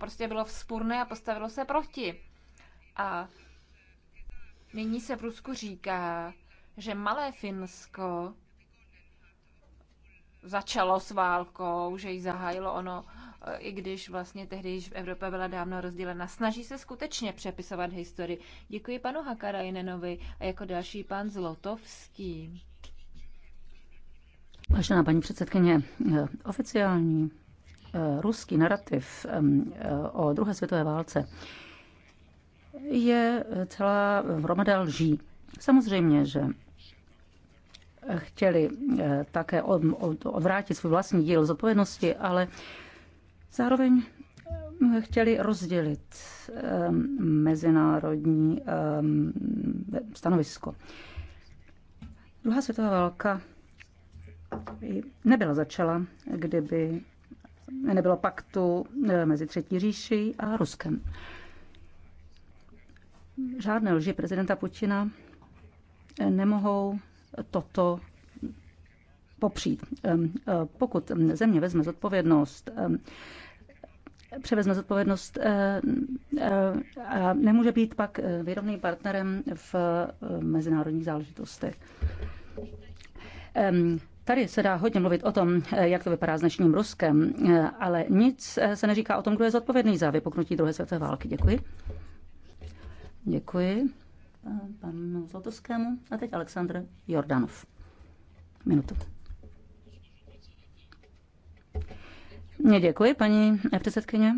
prostě bylo vzpůrné a postavilo se proti. A nyní se v Rusku říká, že malé Finsko začalo s válkou, že ji zahájilo ono, e, i když vlastně tehdy již v Evropě byla dávno rozdělena. Snaží se skutečně přepisovat historii. Děkuji panu Hakarajnenovi a jako další pan Zlotovský. Vážená paní předsedkyně, e, oficiální Eh, ruský narrativ eh, o druhé světové válce je celá hromada lží. Samozřejmě, že chtěli eh, také odvrátit svůj vlastní díl zodpovědnosti, ale zároveň chtěli rozdělit mezinárodní stanovisko. Druhá světová válka nebyla začala, kdyby nebylo paktu e, mezi Třetí říši a Ruskem. Žádné lži prezidenta Putina nemohou toto popřít. E, e, pokud země vezme zodpovědnost, převezme zodpovědnost a nemůže být pak vědomným partnerem v mezinárodních záležitostech. Tady se dá hodně mluvit o tom, eh, jak to vypadá s dnešním Ruskem, eh, ale nic eh, se neříká o tom, kdo je zodpovědný za vypuknutí druhé světové války. Děkuji. Děkuji panu Zlotovskému. A teď Aleksandr Jordanov. Minutu. Mě děkuji, paní předsedkyně.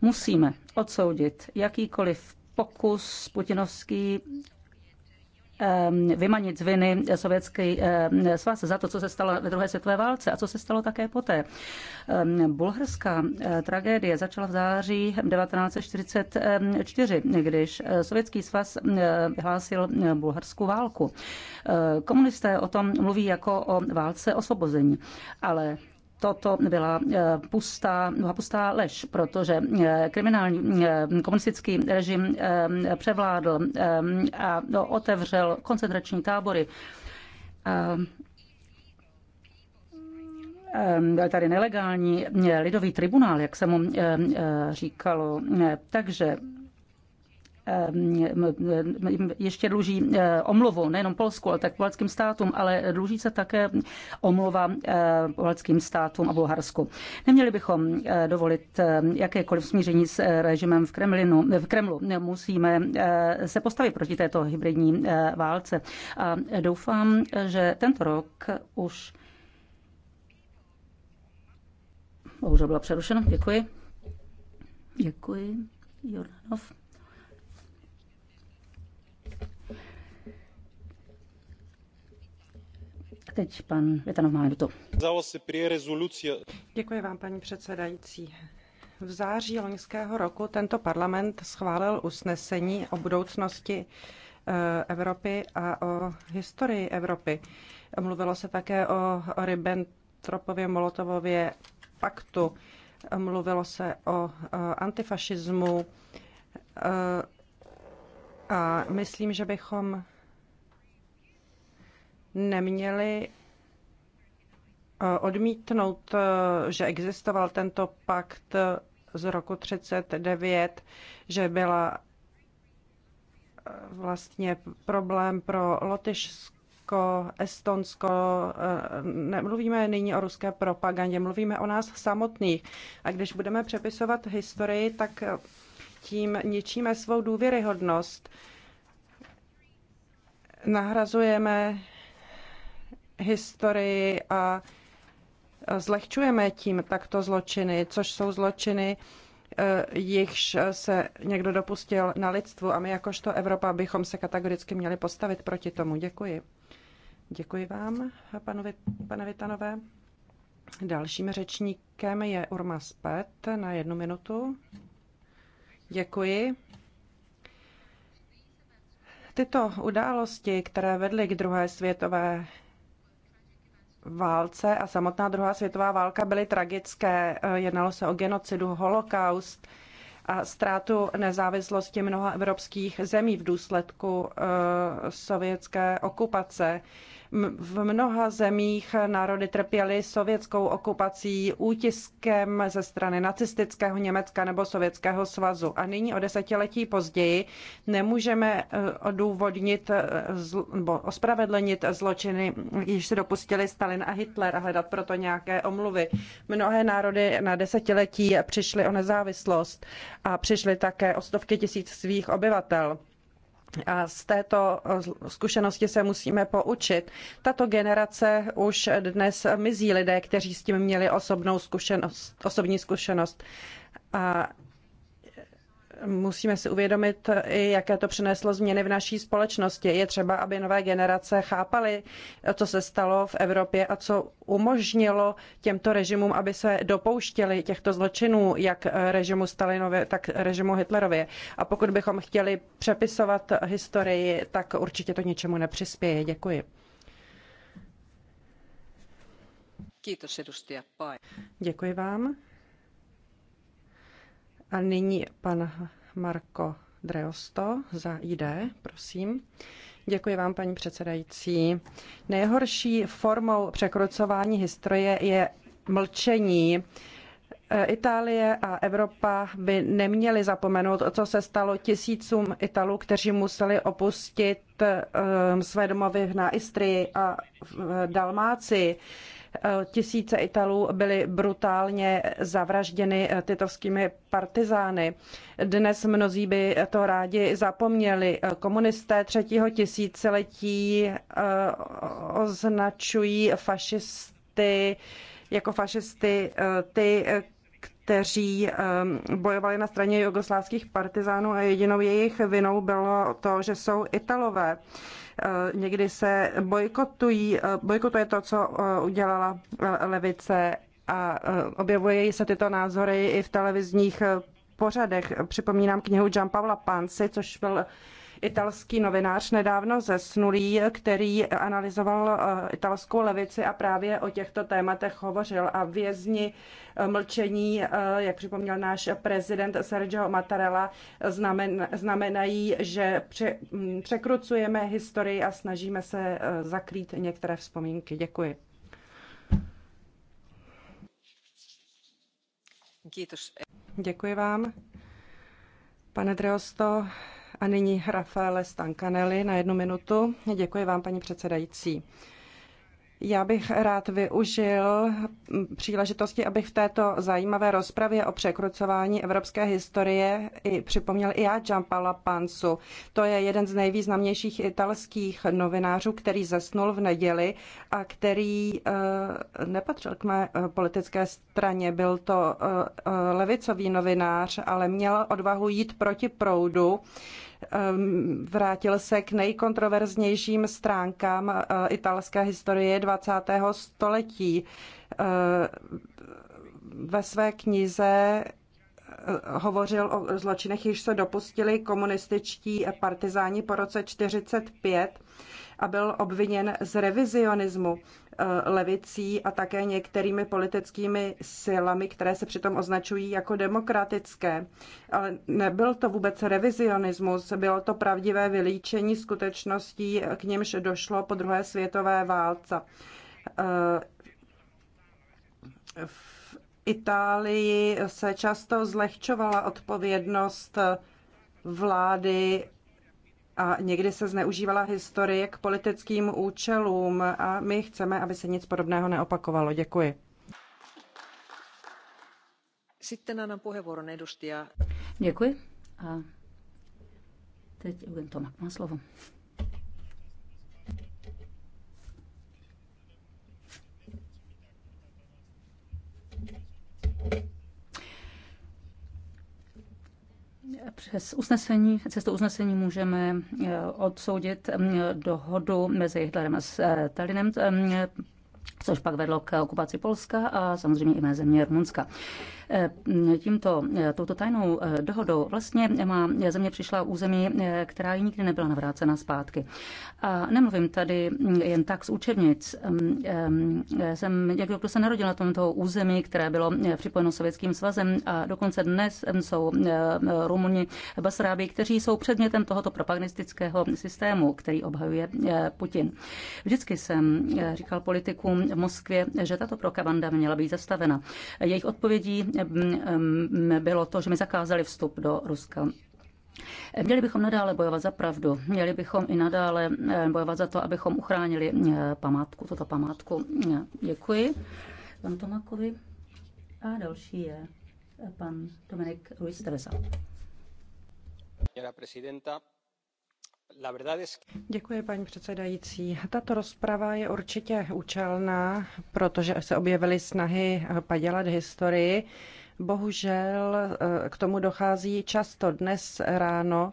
Musíme odsoudit jakýkoliv pokus putinovský Ehm, vymanit z viny sovětský ehm, svaz za to, co se stalo ve druhé světové válce a co se stalo také poté. Ehm, bulharská eh, tragédie začala v září 1944, když eh, sovětský svaz eh, vyhlásil bulharskou válku. Komunisté o tom mluví jako o válce osvobození, ale toto byla e, pustá, pustá lež, protože e, kriminální e, komunistický režim převládl a no, otevřel koncentrační tábory. Byl tady nelegální lidový tribunál, jak se mu říkalo. Takže Ehm, ještě dluží eh, omluvu nejenom Polsku, ale tak polským státům, ale dluží se také omluva eh, polským státům a Bulharsku. Neměli bychom eh, dovolit jakékoliv smíření s režimem v, Kremlinu, v Kremlu. Musíme se postavit proti této hybridní válce. A doufám, že tento rok už Bohužel bylo přerušeno. Děkuji. Děkuji, Jordanov. Teď pan Větanov má minutu. Děkuji vám, paní předsedající. V září loňského roku tento parlament schválil usnesení o budoucnosti eh, Evropy a o historii Evropy. Mluvilo se také o Ribbentropově Molotovově paktu, mluvilo se o eh, antifašismu eh, a myslím, že bychom neměli eh, odmítnout, eh, že existoval tento pakt eh, z roku 39, že byla vlastně problém pro Lotyšsko, Estonsko. Nemluvíme nyní o ruské propagandě, mluvíme o nás samotných. A když budeme přepisovat historii, tak tím ničíme svou důvěryhodnost. Nahrazujeme historii a zlehčujeme tím takto zločiny, což jsou zločiny, eh, jichž se někdo dopustil na lidstvu a my jakožto Evropa bychom se kategoricky měli postavit proti tomu. Děkuji. Děkuji vám, panu, pane Vitanové. Dalším řečníkem je Urma Spet na jednu minutu. Děkuji. Tyto události, které vedly k druhé světové válce a samotná druhá světová válka byly tragické. Eh, Jednalo se o genocidu, holokaust a ztrátu nezávislosti mnoha evropských zemí v důsledku eh, sovětské okupace. V mnoha zemích národy trpěly sovětskou okupací, útiskem ze strany nacistického Německa nebo Sovětského svazu. A nyní o desetiletí později nemůžeme e, odůvodnit e, nebo ospravedlnit zločiny, již se dopustili Stalin a Hitler a hledat proto nějaké omluvy. Mnohé národy na desetiletí přišly o nezávislost a přišly také o stovky tisíc svých obyvatel. A z této eh, zkušenosti se musíme poučit. Tato generace už dnes mizí lidé, kteří s tím měli osobnou zkušenost, osobní zkušenost. A musíme si uvědomit jaké to přineslo změny v naší společnosti. Je třeba, aby nové generace chápaly, co se stalo v Evropě a co umožnilo těmto režimům, aby se dopouštěli těchto zločinů, jak režimu Stalinově, tak režimu Hitlerově. A pokud bychom chtěli přepisovat historii, tak určitě to ničemu nepřispěje. Děkuji. Děkuji vám. A nyní pan Marko Dreosto za ID, prosím. Děkuji vám, paní předsedající. Nejhorší formou překrucování historie je mlčení. E, Itálie a Evropa by neměly zapomenout, co se stalo tisícům Italů, kteří museli opustit e, své domovy na Istrii a v Dalmácii. Tisíce Italů byly brutálně zavražděny eh, titovskými partizány. Dnes mnozí by to rádi zapomněli. Eh, komunisté třetího tisíciletí eh, označují fašisty jako fašisty ty, kteří bojovali na straně jugoslávských partizánů a jedinou jejich vinou bylo to, že jsou Italové. Eh, někdy se bojkotují, eh, bojkotuje to, co eh, udělala levice a objevují se tyto názory i v televizních pořadech. Připomínám knihu Jean Pavla Pansy, což byl italský novinář nedávno zesnulý, který analyzoval eh, italskou levici a právě o těchto tématech hovořil a vězni eh, mlčení, eh, jak připomněl náš prezident Sergio Mattarella, znamenají, že mm, překrucujeme historii a snažíme se zakrýt některé vzpomínky. Děkuji. Děkuji vám. Pane Dreosto, a nyní Rafaele Stankanelli na jednu minutu. Děkuji vám, paní předsedající. Já bych rád využil příležitosti, abych v této zajímavé rozpravě o překrucování evropské historie i připomněl i já Giampala Pansu. To je jeden z nejvýznamnějších italských novinářů, který zesnul v neděli a který uh, nepatřil k mé eh, politické straně. Byl to uh, levicový novinář, ale měl odvahu jít proti proudu Ehm, vrátil se k nejkontroverznějším stránkám eh, italské historie 20. století. Ehm, ve své knize eh, hovořil o zločinech, již se dopustili komunističtí partizáni po roce 45 a byl obviněn z revizionismu. Eh, levicí a také některými politickými silami, které se přitom označují jako demokratické. Ale nebyl to vůbec revizionismus, bylo to pravdivé vylíčení skutečností, k němž došlo po druhé světové válce. Eh, v Itálii se často zlehčovala odpovědnost vlády a někdy se zneužívala historie k politickým účelům a my chceme, aby se nic podobného neopakovalo. Děkuji. Děkuji. A teď Eugen Tomak má slovo. Thank you. Přes usnesení, cestou usnesení můžeme eh, odsoudit eh, dohodu mezi Hitlerem a eh, Stalinem, což pak vedlo k okupaci Polska a samozřejmě i mé země Rumunska. Eh, tímto, eh, touto tajnou eh, dohodou vlastně má země přišla území, která ji nikdy nebyla navrácena zpátky. A nemluvím tady mm, jen tak z učebnic. Mm, mm, jsem někdo, kdo se narodil na tomto území, které bylo připojeno Sovětským svazem a dokonce dnes jsou Rumuni Basrábi, kteří jsou předmětem tohoto propagandistického systému, který obhajuje Putin. Vždycky jsem říkal politikům v Moskvě, že tato prokavanda měla být zastavena. Jejich odpovědí bylo to, že mi zakázali vstup do Ruska. Měli bychom nadále bojovat za pravdu, měli bychom i nadále bojovat za to, abychom uchránili památku, tuto památku. Děkuji Pan Tomakovi. A další je pan Dominik Ruiz Teresa. Děkuji, Děkuji, paní předsedající. Tato rozprava je určitě účelná, protože se objevily snahy padělat historii. Bohužel eh, k tomu dochází často. Dnes ráno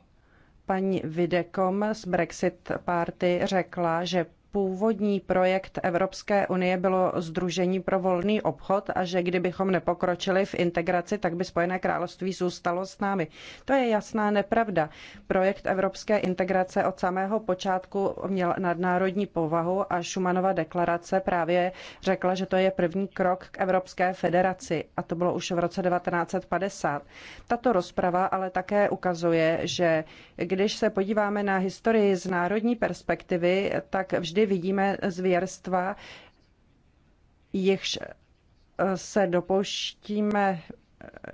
paní Videkom z Brexit Party řekla, že původní projekt Evropské unie bylo Združení pro volný obchod a že kdybychom nepokročili v integraci, tak by Spojené království zůstalo s námi. To je jasná nepravda. Projekt Evropské integrace od samého počátku měl nadnárodní povahu a Šumanova deklarace právě řekla, že to je první krok k Evropské federaci a to bylo už v roce 1950. Tato rozprava ale také ukazuje, že když se podíváme na historii z národní perspektivy, tak vždy tedy vidíme zvěrstva, jichž eh, se dopouštíme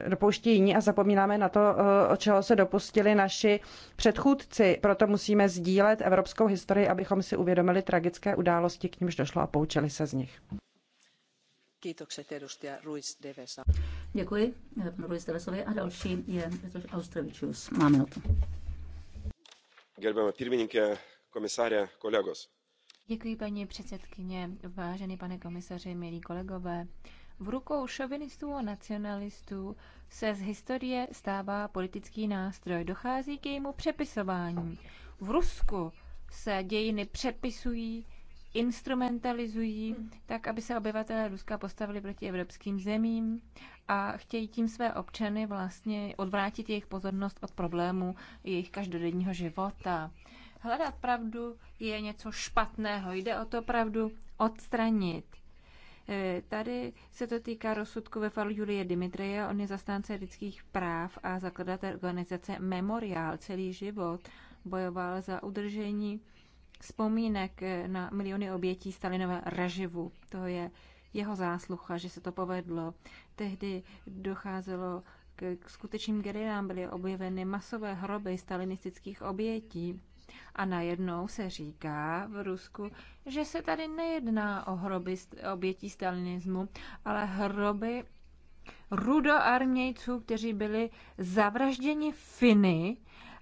eh, dopouští jiní a zapomínáme na to, eh, o čeho se dopustili naši předchůdci. Proto musíme sdílet evropskou historii, abychom si uvědomili tragické události, k nimž došlo a poučili se z nich. Děkuji panu Ruiz Devesovi a další je Petr Austrovičius. Máme na to. Gerbiama pirmininkė, komisáře, kolegos. Děkuji, paní předsedkyně, vážený pane komisaři, milí kolegové. V rukou šovinistů a nacionalistů se z historie stává politický nástroj. Dochází k jejímu přepisování. V Rusku se dějiny přepisují, instrumentalizují, tak aby se obyvatelé Ruska postavili proti evropským zemím a chtějí tím své občany vlastně odvrátit jejich pozornost od problémů jejich každodenního života. Hledat pravdu je něco špatného, jde o to pravdu odstranit. E, tady se to týká rozsudku ve falu Julie Dimitrie, on je zastánce lidských práv a zakladatel organizace Memorial celý život bojoval za udržení vzpomínek e, na miliony obětí Stalinové reživu. To je jeho zásluha, že se to povedlo. Tehdy docházelo k skutečným gerilám, byly objeveny masové hroby stalinistických obětí. A najednou se říká v Rusku, že se tady nejedná o hroby obětí stalinismu, ale hroby rudoarmějců, kteří byli zavražděni Finy,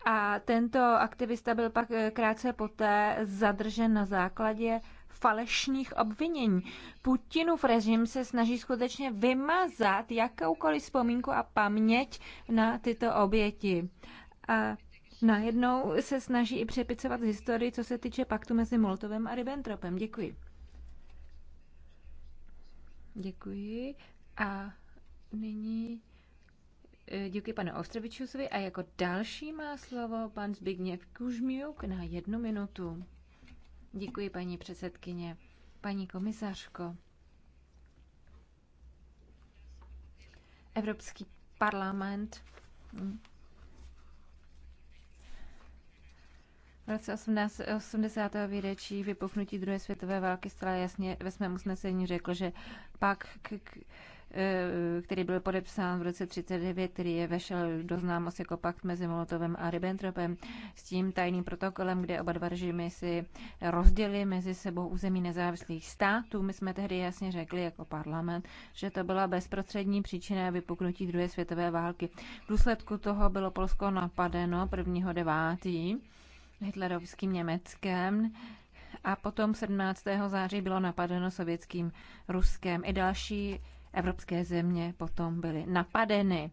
a tento aktivista byl pak eh, krátce poté zadržen na základě falešných obvinění. Putinův režim se snaží skutečně vymazat jakoukoliv vzpomínku a paměť na tyto oběti. A najednou se snaží i přepicovat historii, co se týče paktu mezi Moltovem a Ribbentropem. Děkuji. Děkuji. A nyní eh, děkuji panu Ostrovičusovi. a jako další má slovo pan Zbigněv Kužmiuk na jednu minutu. Děkuji, paní předsedkyně. Paní komisařko, Evropský parlament V roce 1880. výročí vypuknutí druhé světové války zcela jasně ve svém usnesení řekl, že pak k, k, eh, který byl podepsán v roce 39, který je vešel do známost jako pakt mezi Molotovem a Ribbentropem s tím tajným protokolem, kde oba dva režimy si rozdělili mezi sebou území nezávislých států. My jsme tehdy jasně řekli jako parlament, že to byla bezprostřední příčina vypuknutí druhé světové války. V důsledku toho bylo Polsko napadeno 1. 9 hitlerovským Německem a potom 17. září bylo napadeno sovětským Ruskem. I další evropské země potom byly napadeny.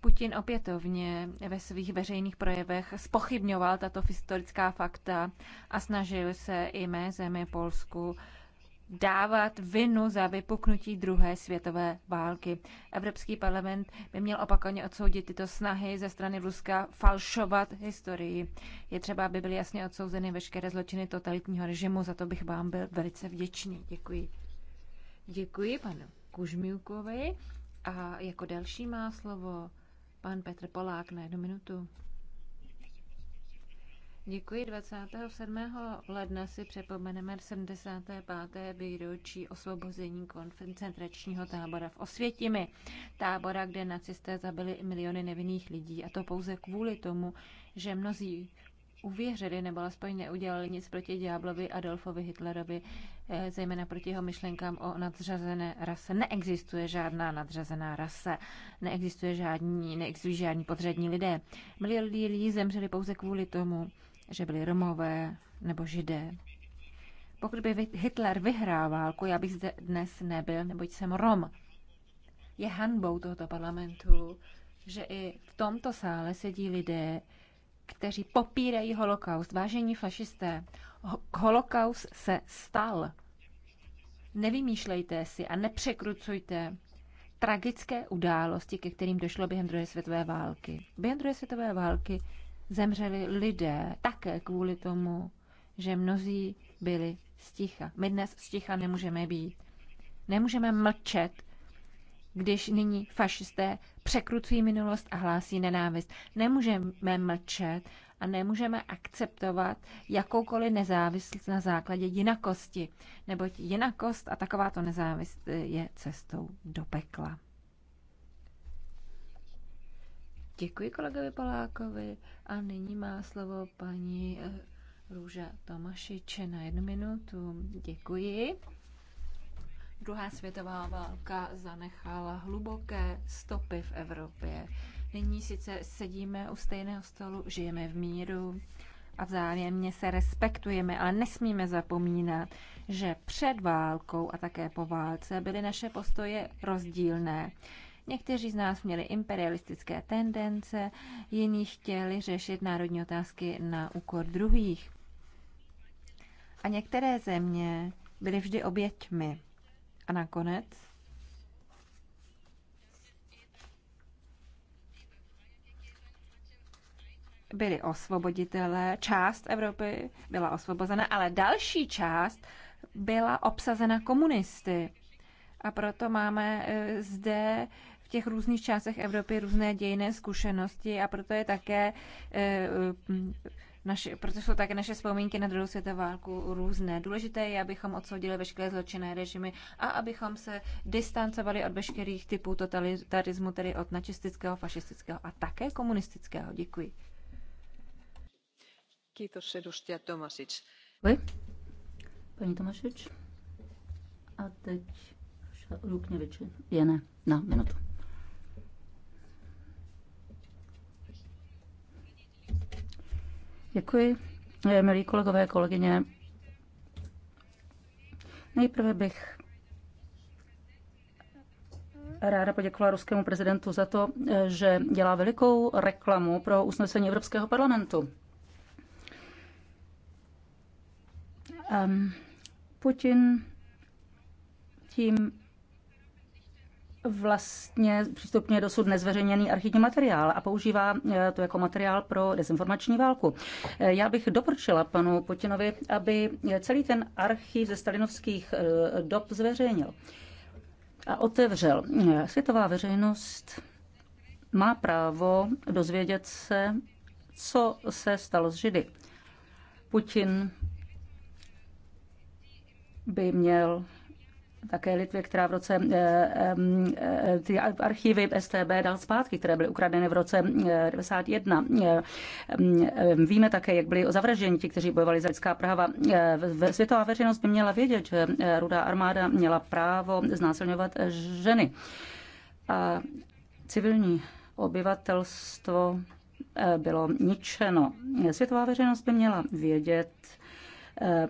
Putin opětovně ve svých veřejných projevech spochybňoval tato historická fakta a snažil se i mé zemi Polsku dávat vinu za vypuknutí druhé světové války. Evropský parlament by měl opakovaně odsoudit tyto snahy ze strany Ruska falšovat historii. Je třeba, aby byly jasně odsouzeny veškeré zločiny totalitního režimu, za to bych vám byl velice vděčný. Děkuji. Děkuji panu Kužmiukovi a jako další má slovo pan Petr Polák na jednu minutu. Děkuji. 27. ledna si přepomeneme 75. výročí osvobození koncentračního tábora v Osvětimi. Tábora, kde nacisté zabili miliony nevinných lidí a to pouze kvůli tomu, že mnozí uvěřili nebo alespoň neudělali nic proti ďáblovi Adolfovi Hitlerovi, eh, zejména proti jeho myšlenkám o nadřazené rase. Neexistuje žádná nadřazená rase, neexistuje žádní, neexistují žádní podřední lidé. Miliony lidí zemřeli pouze kvůli tomu, že byli Romové nebo Židé. Pokud by Hitler vyhrál válku, já bych zde dnes nebyl, neboť jsem Rom. Je hanbou tohoto parlamentu, že i v tomto sále sedí lidé, kteří popírají holokaust. Vážení fašisté, holokaust se stal. Nevymýšlejte si a nepřekrucujte tragické události, ke kterým došlo během druhé světové války. Během druhé světové války zemřeli lidé také kvůli tomu, že mnozí byli sticha. My dnes sticha nemůžeme být. Nemůžeme mlčet, když nyní fašisté překrucují minulost a hlásí nenávist. Nemůžeme mlčet a nemůžeme akceptovat jakoukoliv nezávislost na základě jinakosti, neboť jinakost a takováto nezávislost je cestou do pekla. Děkuji kolegovi Polákovi a nyní má slovo paní eh, Růža Tomašiče na jednu minutu. Děkuji. Druhá světová válka zanechala hluboké stopy v Evropě. Nyní sice sedíme u stejného stolu, žijeme v míru a vzájemně se respektujeme, ale nesmíme zapomínat, že před válkou a také po válce byly naše postoje rozdílné. Někteří z nás měli imperialistické tendence, jiní chtěli řešit národní otázky na úkor druhých. A některé země byly vždy oběťmi. A nakonec byli osvoboditelé, část Evropy byla osvobozena, ale další část byla obsazena komunisty. A proto máme eh, zde těch různých částech Evropy různé dějné zkušenosti a proto je také eh, eh, naše, proto jsou také naše vzpomínky na druhou světovou válku různé. Důležité je, abychom odsoudili veškeré zločinné režimy a abychom se distancovali od veškerých typů totalitarismu, tedy od nacistického, fašistického a také komunistického. Děkuji. Vy? Paní Tomašič? A teď Lukněviči. Je ne, na minutu. Děkuji, eh, milí kolegové, kolegyně. Nejprve bych ráda poděkovala ruskému prezidentu za to, eh, že dělá velikou reklamu pro usnesení Evropského parlamentu. Putin tím vlastně přístupně dosud nezveřejněný archivní materiál a používá eh, to jako materiál pro dezinformační válku. Eh, já bych doporučila panu Putinovi, aby eh, celý ten archiv ze stalinovských dob zveřejnil a otevřel. Světová veřejnost má právo dozvědět se, co se stalo s Židy. Putin by měl také Litvě, která v roce eh, eh, ty archivy STB dal zpátky, které byly ukradeny v roce 91. Eh, víme také, jak byli zavraženi ti, kteří bojovali za lidská práva. Světová veřejnost by měla vědět, že rudá armáda měla právo znásilňovat ženy. A civilní obyvatelstvo bylo ničeno. Světová veřejnost by měla vědět, Eh,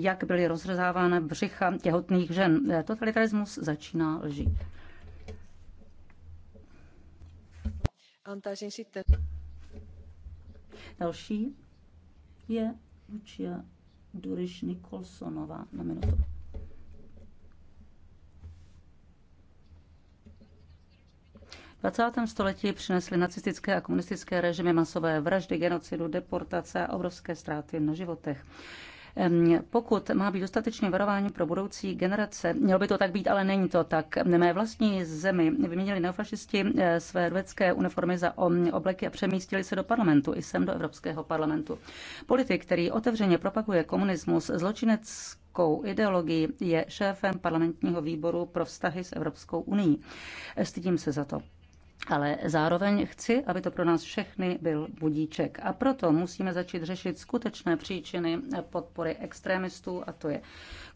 jak byly rozřezávány břicha těhotných žen. Eh, Totalitarismus začíná lžít. Další je Lucia Duriš Nikolsonová na minutu. V 20. století přinesly nacistické a komunistické režimy masové vraždy, genocidu, deportace a obrovské ztráty na životech. Pokud má být dostatečně varování pro budoucí generace, mělo by to tak být, ale není to tak. Mé vlastní zemi vyměnili neofašisti eh, své rvecké uniformy za obleky a přemístili se do parlamentu, i sem do Evropského parlamentu. Politik, který otevřeně propaguje komunismus, zločinec ideologii, je šéfem parlamentního výboru pro vztahy s Evropskou unii. Stydím se za to ale zároveň chci, aby to pro nás všechny byl budíček. A proto musíme začít řešit skutečné příčiny podpory extremistů, a to je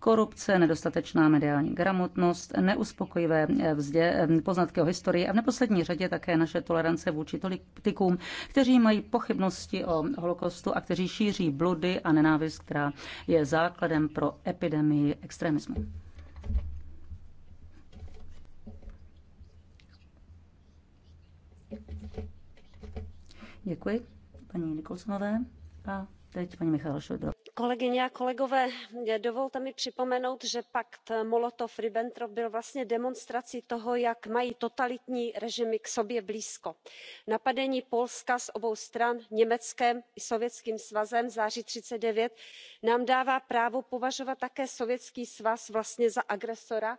korupce, nedostatečná mediální gramotnost, neuspokojivé vzdě, poznatky o historii a v neposlední řadě také naše tolerance vůči politikům, kteří mají pochybnosti o holokostu a kteří šíří bludy a nenávist, která je základem pro epidemii extremismu. Děkuji paní Nikolsonové a teď paní Michála Šodro. Kolegyně a kolegové, dovolte mi připomenout, že pakt Molotov-Ribbentrop byl vlastně demonstrací toho, jak mají totalitní režimy k sobě blízko. Napadení Polska z obou stran, Německem i Sovětským svazem v září 39 nám dává právo považovat také Sovětský svaz vlastně za agresora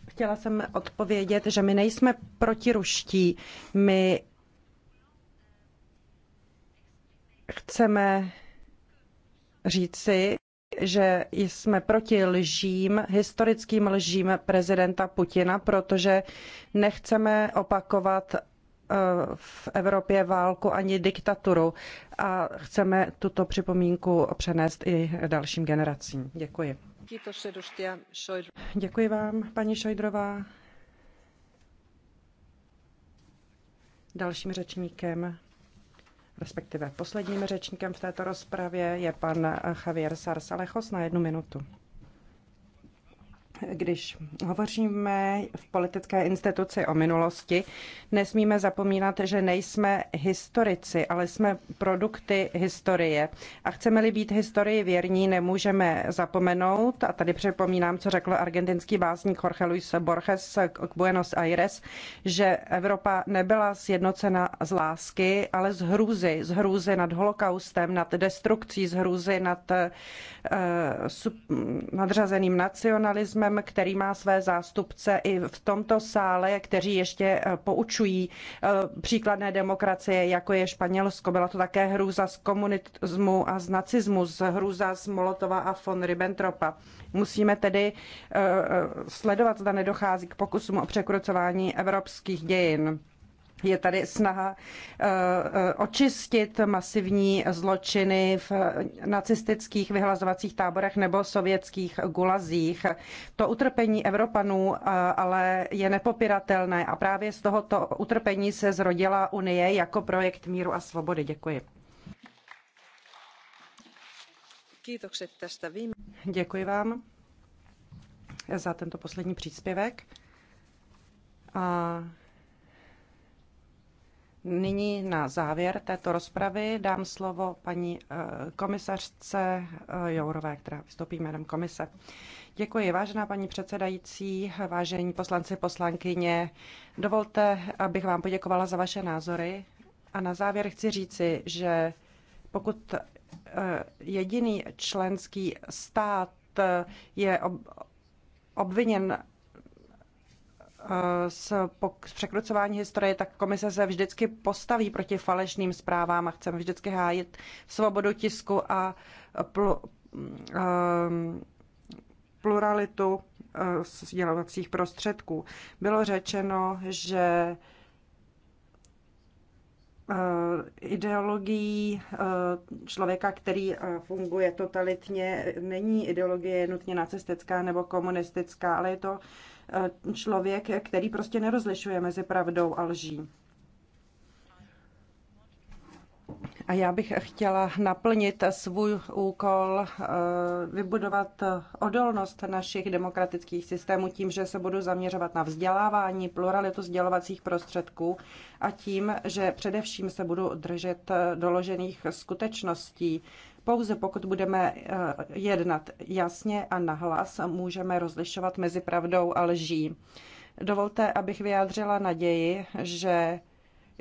Chtěla jsem odpovědět, že my nejsme protiruští. My chceme říci, že jsme proti lžím, historickým lžím prezidenta Putina, protože nechceme opakovat eh, v Evropě válku ani diktaturu a chceme tuto připomínku přenést i dalším generacím. Děkuji. Děkuji vám, paní Šojdrová. Dalším řečníkem, respektive posledním řečníkem v této rozpravě je pan Javier Sarsalechos na jednu minutu. Když hovoříme v politické instituci o minulosti, nesmíme zapomínat, že nejsme historici, ale jsme produkty historie. A chceme-li být historii věrní, nemůžeme zapomenout, a tady připomínám, co řekl argentinský básník Jorge Luis Borges k Buenos Aires, že Evropa nebyla sjednocena z lásky, ale z hrůzy. Z hrůzy nad holokaustem, nad destrukcí, z hrůzy nad uh, nadřazeným nacionalismem, problém, který má své zástupce i v tomto sále, kteří ještě eh, poučují eh, příkladné demokracie, jako je Španělsko. Byla to také hrůza z komunismu a z nacismu, z hrůza z Molotova a von Ribbentropa. Musíme tedy eh, sledovat, zda nedochází k pokusům o překrucování evropských dějin je tady snaha eh, eh, očistit masivní zločiny v nacistických vyhlazovacích táborech nebo sovětských gulazích. To utrpení Evropanů eh, ale je nepopiratelné a právě z tohoto utrpení se zrodila Unie jako projekt míru a svobody. Děkuji. Děkuji vám za tento poslední příspěvek. A Nyní na závěr této rozpravy dám slovo paní eh, komisařce eh, Jourové, která vystoupí jménem komise. Děkuji, vážená paní předsedající, vážení poslanci, poslankyně. Dovolte, abych vám poděkovala za vaše názory. A na závěr chci říci, že pokud eh, jediný členský stát je obviněn s s překrucování historie, tak komise se vždycky postaví proti falešným zprávám a chceme vždycky hájit svobodu tisku a pl, um, pluralitu uh, sdělovacích prostředků. Bylo řečeno, že Eh, ideologií eh, člověka, který eh, funguje totalitně, není ideologie nutně nacistická nebo komunistická, ale je to člověk, který prostě nerozlišuje mezi pravdou a lží. A já bych chtěla naplnit svůj úkol eh, vybudovat odolnost našich demokratických systémů tím, že se budu zaměřovat na vzdělávání, pluralitu sdělovacích prostředků a tím, že především se budu držet eh, doložených skutečností. Pouze pokud budeme eh, jednat jasně a nahlas, můžeme rozlišovat mezi pravdou a lží. Dovolte, abych vyjádřila naději, že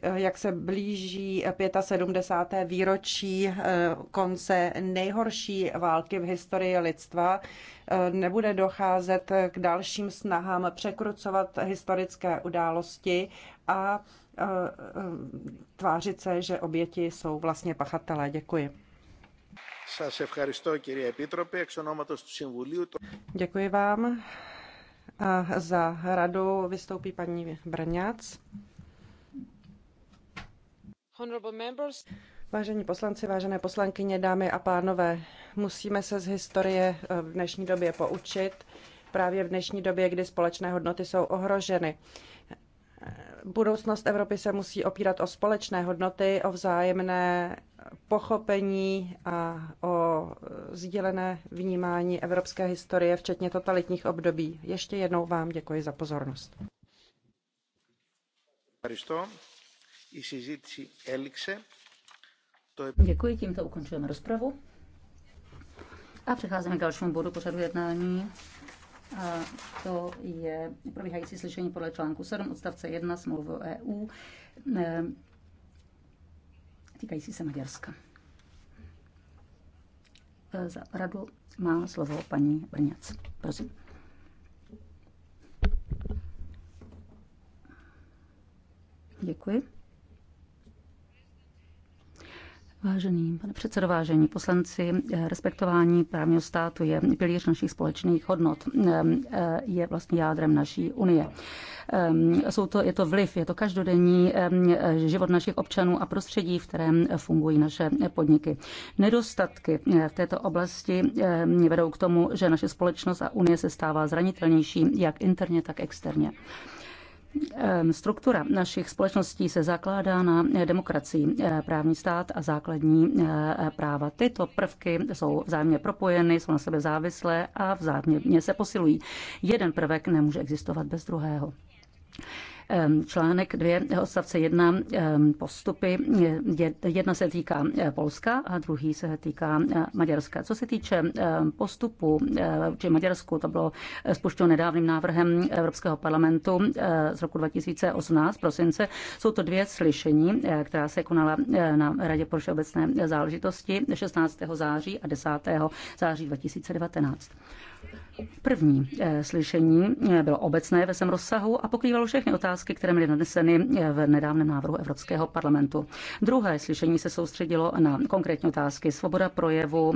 jak se blíží 75. výročí eh, konce nejhorší války v historii lidstva, eh, nebude docházet k dalším snahám překrucovat historické události a eh, tvářit se, že oběti jsou vlastně pachatelé. Děkuji. Děkuji vám. A za radu vystoupí paní Brňac. Vážení poslanci, vážené poslankyně, dámy a pánové, musíme se z historie eh, v dnešní době poučit, právě v dnešní době, kdy společné hodnoty jsou ohroženy. Budoucnost Evropy se musí opírat o společné hodnoty, o vzájemné pochopení a o eh, sdílené vnímání evropské historie, včetně totalitních období. Ještě jednou vám děkuji za pozornost. Děkuji, tímto ukončujeme rozpravu. A přecházíme k dalšímu bodu pořadu jednání. A to je probíhající slyšení podle článku 7 odstavce 1 smlouvy o EU e, týkající se Maďarska. E, za radu má slovo paní Brňac. Prosím. Děkuji. Vážený pane předsedo, vážení poslanci, respektování právního státu je pilíř našich společných hodnot, eh, je vlastně jádrem naší unie. Eh, jsou to, je to vliv, je to každodenní eh, život našich občanů a prostředí, v kterém fungují naše podniky. Nedostatky v této oblasti vedou k tomu, že naše společnost a unie se stává zranitelnější jak interně, tak externě. Struktura našich společností se zakládá na demokracii, eh, právní stát a základní eh, práva. Tyto prvky jsou vzájemně propojeny, jsou na sebe závislé a vzájemně se posilují. Jeden prvek nemůže existovat bez druhého. Článek 2, odstavce 1, postupy. Jedna se týká e, Polska a druhý se týká e, Maďarska. Co se týče postupu e, či Maďarsku, to bylo spuštěno nedávným návrhem Evropského parlamentu z roku 2018, prosince. Jsou to dvě slyšení, která se konala na Radě pro všeobecné záležitosti 16. září a 10. září 2019. První eh, slyšení eh, bylo obecné ve svém rozsahu a pokrývalo všechny otázky, které byly nadneseny eh, v nedávném návrhu Evropského parlamentu. Druhé slyšení se soustředilo na konkrétní otázky svoboda projevu,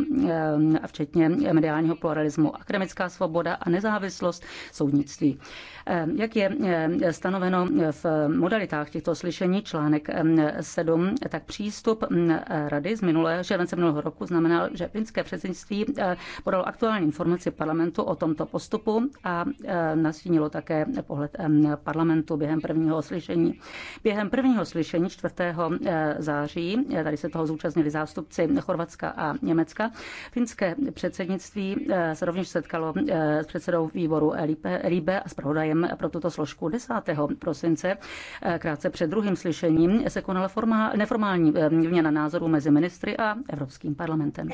včetně mediálního pluralismu, akademická svoboda a nezávislost soudnictví. Jak je stanoveno v modalitách těchto slyšení článek 7, tak přístup mm, rady z minulého července minulého roku znamenal, že finské předsednictví podalo aktuální informaci parlamentu o o tomto postupu a e, nastínilo také pohled e, parlamentu během prvního slyšení. Během prvního slyšení 4. E, září, tady se toho zúčastnili zástupci Chorvatska a Německa, finské předsednictví se rovněž setkalo s předsedou výboru Líbe a zpravodajem pro tuto složku 10. prosince. Krátce před druhým slyšením se konala formál, neformální výměna názorů mezi ministry a Evropským parlamentem.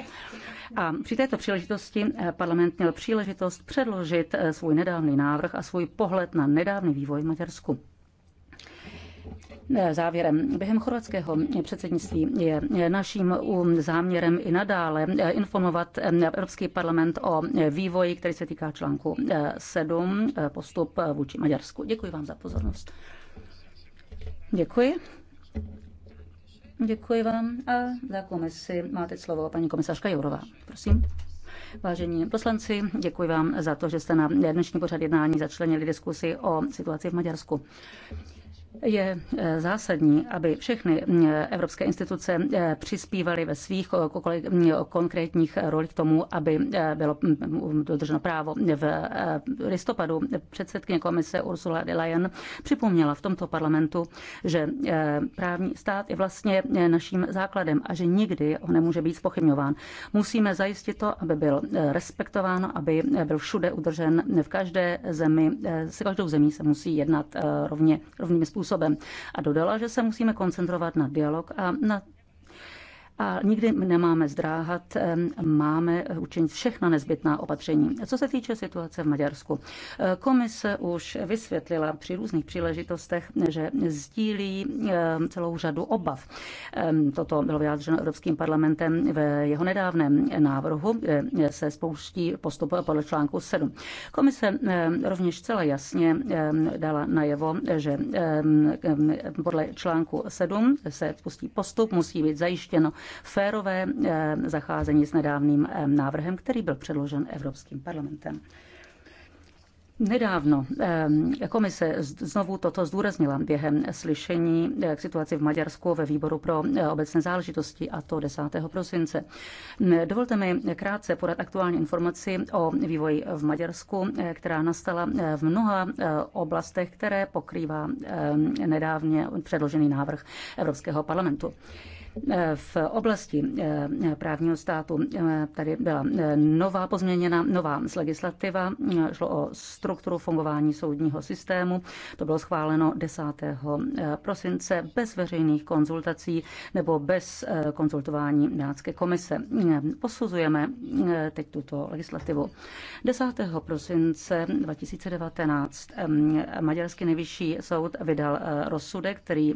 A při této příležitosti parlament měl příležitost příležitost předložit eh, svůj nedávný návrh a svůj pohled na nedávný vývoj v Maďarsku. Eh, závěrem, během chorvatského předsednictví je eh, naším um, záměrem i nadále informovat Evropský parlament o vývoji, který se týká článku 7, postup vůči Maďarsku. Děkuji vám za pozornost. Děkuji. Děkuji vám a za komisi máte slovo paní komisařka Jourová. Prosím. Vážení poslanci, děkuji vám za to, že jste na dnešní pořad jednání začlenili diskusi o situaci v Maďarsku. Je eh, zásadní, aby všechny eh, evropské instituce eh, přispívaly ve svých mm, konkrétních roli k tomu, aby bylo mm, mm, dodrženo právo. V listopadu předsedkyně komise Ursula de Leyen připomněla v tomto parlamentu, že právní stát je vlastně naším základem a že nikdy ho nemůže být spochybňován. Musíme zajistit to, aby byl respektován, aby byl všude udržen v každé zemi. Se každou zemí se musí jednat rovně, rovnými způsoby způsobem. A dodala, že se musíme koncentrovat na dialog a na a nikdy nemáme zdráhat, máme eh, učinit všechna nezbytná opatření. Co se týče situace v Maďarsku, eh, komise už vysvětlila při různých příležitostech, že sdílí celou řadu obav. Toto bylo vyjádřeno Evropským parlamentem ve jeho nedávném návrhu, kde se spouští postup podle článku 7. Komise rovněž celá jasně dala najevo, že podle článku 7 se spustí postup, musí být zajištěno férové eh, zacházení s nedávným eh, návrhem, který byl předložen Evropským parlamentem. Nedávno eh, komise znovu toto zdůraznila během slyšení k situaci v Maďarsku ve výboru pro obecné záležitosti a to 10. prosince. Hm, dovolte mi krátce podat aktuální informaci o vývoji v Maďarsku, která nastala v mnoha oblastech, které pokrývá nedávně předložený návrh Evropského parlamentu. Eh, v oblasti eh, právního státu eh, tady byla nová pozměněna, nová legislativa, šlo o strukturu fungování soudního systému. To bylo schváleno 10. prosince bez veřejných konzultací nebo bez konzultování Nácké komise. Posuzujeme teď tuto legislativu. 10. prosince 2019 Maďarský nejvyšší soud vydal rozsudek, který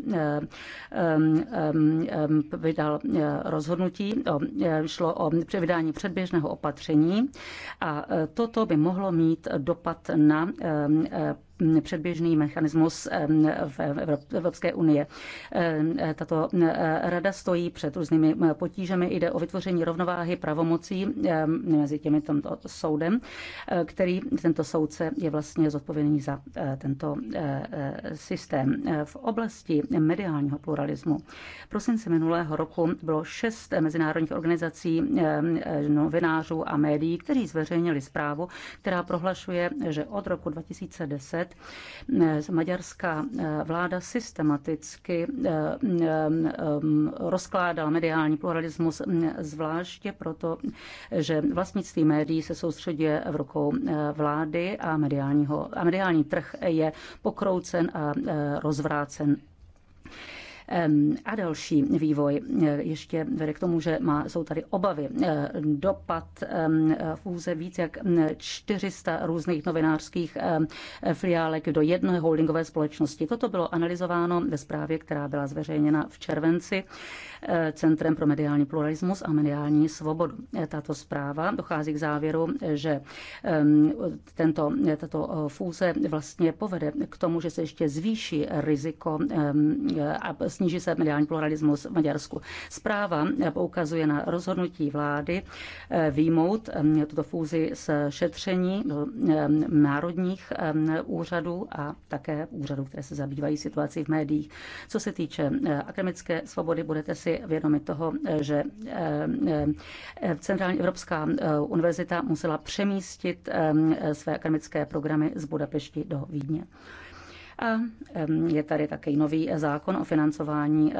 vydal eh, rozhodnutí, eh, šlo o vydání předběžného opatření a eh, toto by mohlo mít dopad na předběžný mechanismus v Evropské unie. Tato rada stojí před různými potížemi. Jde o vytvoření rovnováhy pravomocí mezi těmi tomto soudem, který tento soudce je vlastně zodpovědný za eh, tento eh, eh, systém. V oblasti mediálního pluralismu v prosinci minulého roku bylo šest mezinárodních organizací novinářů a médií, kteří zveřejnili zprávu, která prohlašuje, že od roku 2010 let maďarská eh, vláda systematicky eh, eh, rozkládala mediální pluralismus, mm, zvláště proto, že vlastnictví médií se soustředuje v rukou vlády a, mediálního, a mediální trh je pokroucen a rozvrácen. A další vývoj e, ještě vede k tomu, že má, jsou tady obavy. E, dopad fůze víc jak 400 různých novinářských filiálek do jedné holdingové společnosti. Toto bylo analyzováno ve zprávě, která byla zveřejněna v červenci. Centrem pro mediální pluralismus a mediální svobodu. Tato zpráva dochází k závěru, že tento, tato eh, fúze vlastně povede k tomu, že se ještě zvýší riziko a sníží se mediální pluralismus v Maďarsku. Zpráva poukazuje na rozhodnutí vlády eh, výjmout tuto fúzi z šetření do národních úřadů a také úřadů, které se zabývají situací v médiích. Co se týče eh, akademické svobody, budete si vědomi toho, že eh, eh, Centrální Evropská eh, univerzita musela přemístit své akademické programy z Budapešti do Vídně. A je tady také nový zákon o financování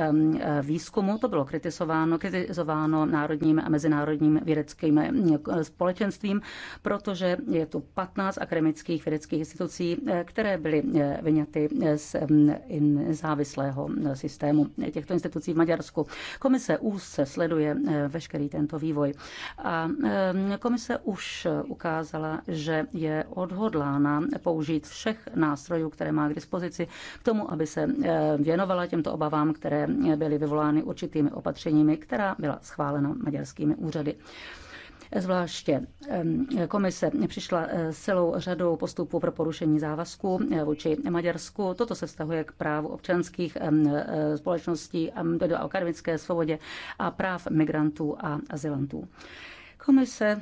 výzkumu. To bylo kritizováno, kritizováno národním a mezinárodním vědeckým eh, společenstvím, protože je tu 15 akademických vědeckých institucí, eh, které byly eh, vyňaty z závislého systému těchto institucí v Maďarsku. Komise úzce sleduje veškerý tento vývoj. A komise už ukázala, že je odhodlána použít všech nástrojů, které má k dispozici dispozici k tomu, aby se eh, věnovala těmto obavám, které byly vyvolány určitými opatřeními, která byla schválena maďarskými úřady. Zvláště komise přišla s eh, celou řadou postupů pro porušení závazků eh, vůči Maďarsku. Toto se vztahuje k právu občanských společností do akademické svobodě a práv migrantů a azylantů. Komise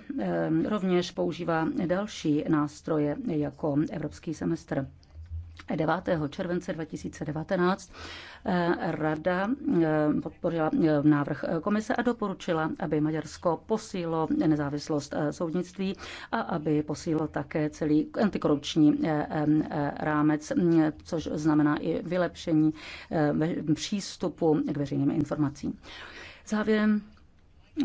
rovněž používá další nástroje jako evropský semestr. 9. července 2019 eh, Rada eh, podpořila eh, návrh komise a doporučila, aby Maďarsko posílo nezávislost soudnictví a aby posílo také celý antikorupční rámec, mm, což znamená i vylepšení přístupu k veřejným informacím. Závěrem